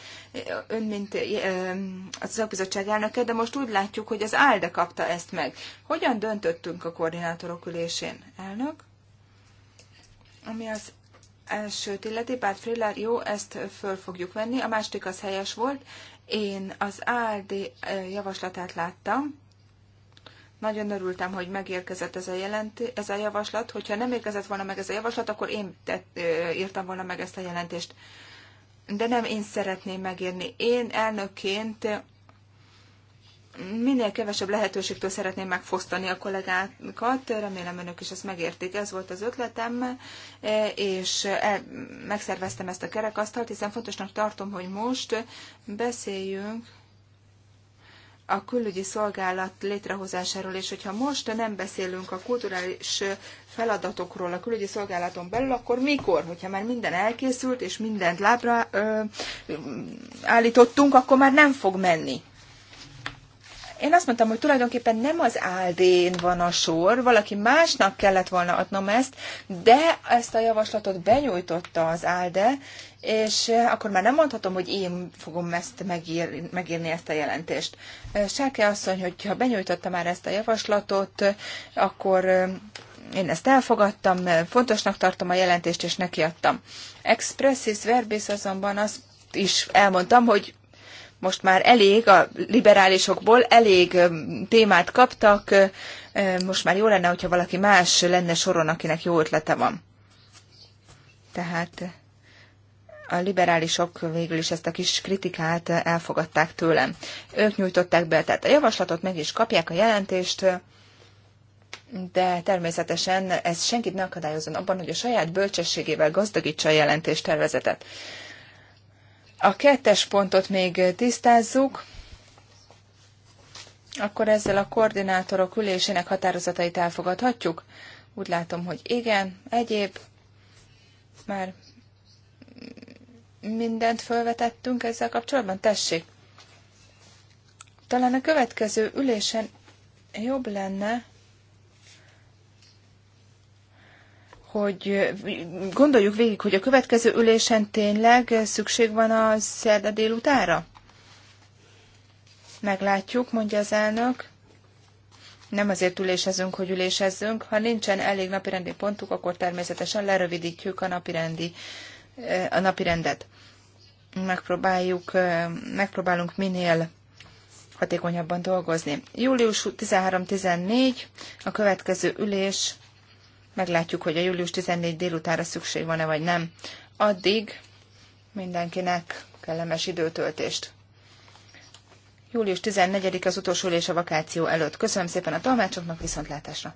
ön, mint a szakbizottság elnöke, de most úgy látjuk, hogy az ALDE kapta ezt meg. Hogyan döntöttünk a koordinátorok ülésén, elnök? Ami az elsőt illeti, bár thriller, jó, ezt föl fogjuk venni. A második az helyes volt. Én az ALD javaslatát láttam. Nagyon örültem, hogy megérkezett ez a, jelenti, ez a javaslat. Hogyha nem érkezett volna meg ez a javaslat, akkor én tett, írtam volna meg ezt a jelentést. De nem én szeretném megírni. Én elnökként minél kevesebb lehetőségtől szeretném megfosztani a kollégákat, remélem önök is ezt megértik. Ez volt az ötletem, e, és e, megszerveztem ezt a kerekasztalt, hiszen fontosnak tartom, hogy most beszéljünk a külügyi szolgálat létrehozásáról, és hogyha most nem beszélünk a kulturális feladatokról a külügyi szolgálaton belül, akkor mikor? Hogyha már minden elkészült, és mindent lábra ö, állítottunk, akkor már nem fog menni. Én azt mondtam, hogy tulajdonképpen nem az áldén van a sor, valaki másnak kellett volna adnom ezt, de ezt a javaslatot benyújtotta az álde, és akkor már nem mondhatom, hogy én fogom ezt megír, megírni ezt a jelentést. Sárke asszony, hogyha benyújtotta már ezt a javaslatot, akkor eh, én ezt elfogadtam, fontosnak tartom a jelentést, és nekiadtam. Expressis verbis azonban azt is elmondtam, hogy most már elég a liberálisokból, elég témát kaptak, most már jó lenne, hogyha valaki más lenne soron, akinek jó ötlete van. Tehát a liberálisok végül is ezt a kis kritikát elfogadták tőlem. Ők nyújtották be, tehát a javaslatot meg is kapják a jelentést, de természetesen ez senkit ne akadályozon abban, hogy a saját bölcsességével gazdagítsa a jelentéstervezetet. tervezetet. A kettes pontot még tisztázzuk, akkor ezzel a koordinátorok ülésének határozatait elfogadhatjuk. Úgy látom, hogy igen, egyéb, már mindent felvetettünk ezzel kapcsolatban. Tessék! Talán a következő ülésen jobb lenne, hogy gondoljuk végig, hogy a következő ülésen tényleg szükség van a szerda délutára? Meglátjuk, mondja az elnök. Nem azért ülésezünk, hogy ülésezzünk. Ha nincsen elég napirendi pontuk, akkor természetesen lerövidítjük a napirendi, eh, a napirendet. Megpróbáljuk, eh, megpróbálunk minél hatékonyabban dolgozni. Július 13-14 a következő ülés Meglátjuk, hogy a július 14 délutára szükség van-e vagy nem. Addig mindenkinek kellemes időtöltést. Július 14 az utolsó ülés a vakáció előtt. Köszönöm szépen a tolmácsoknak, viszontlátásra!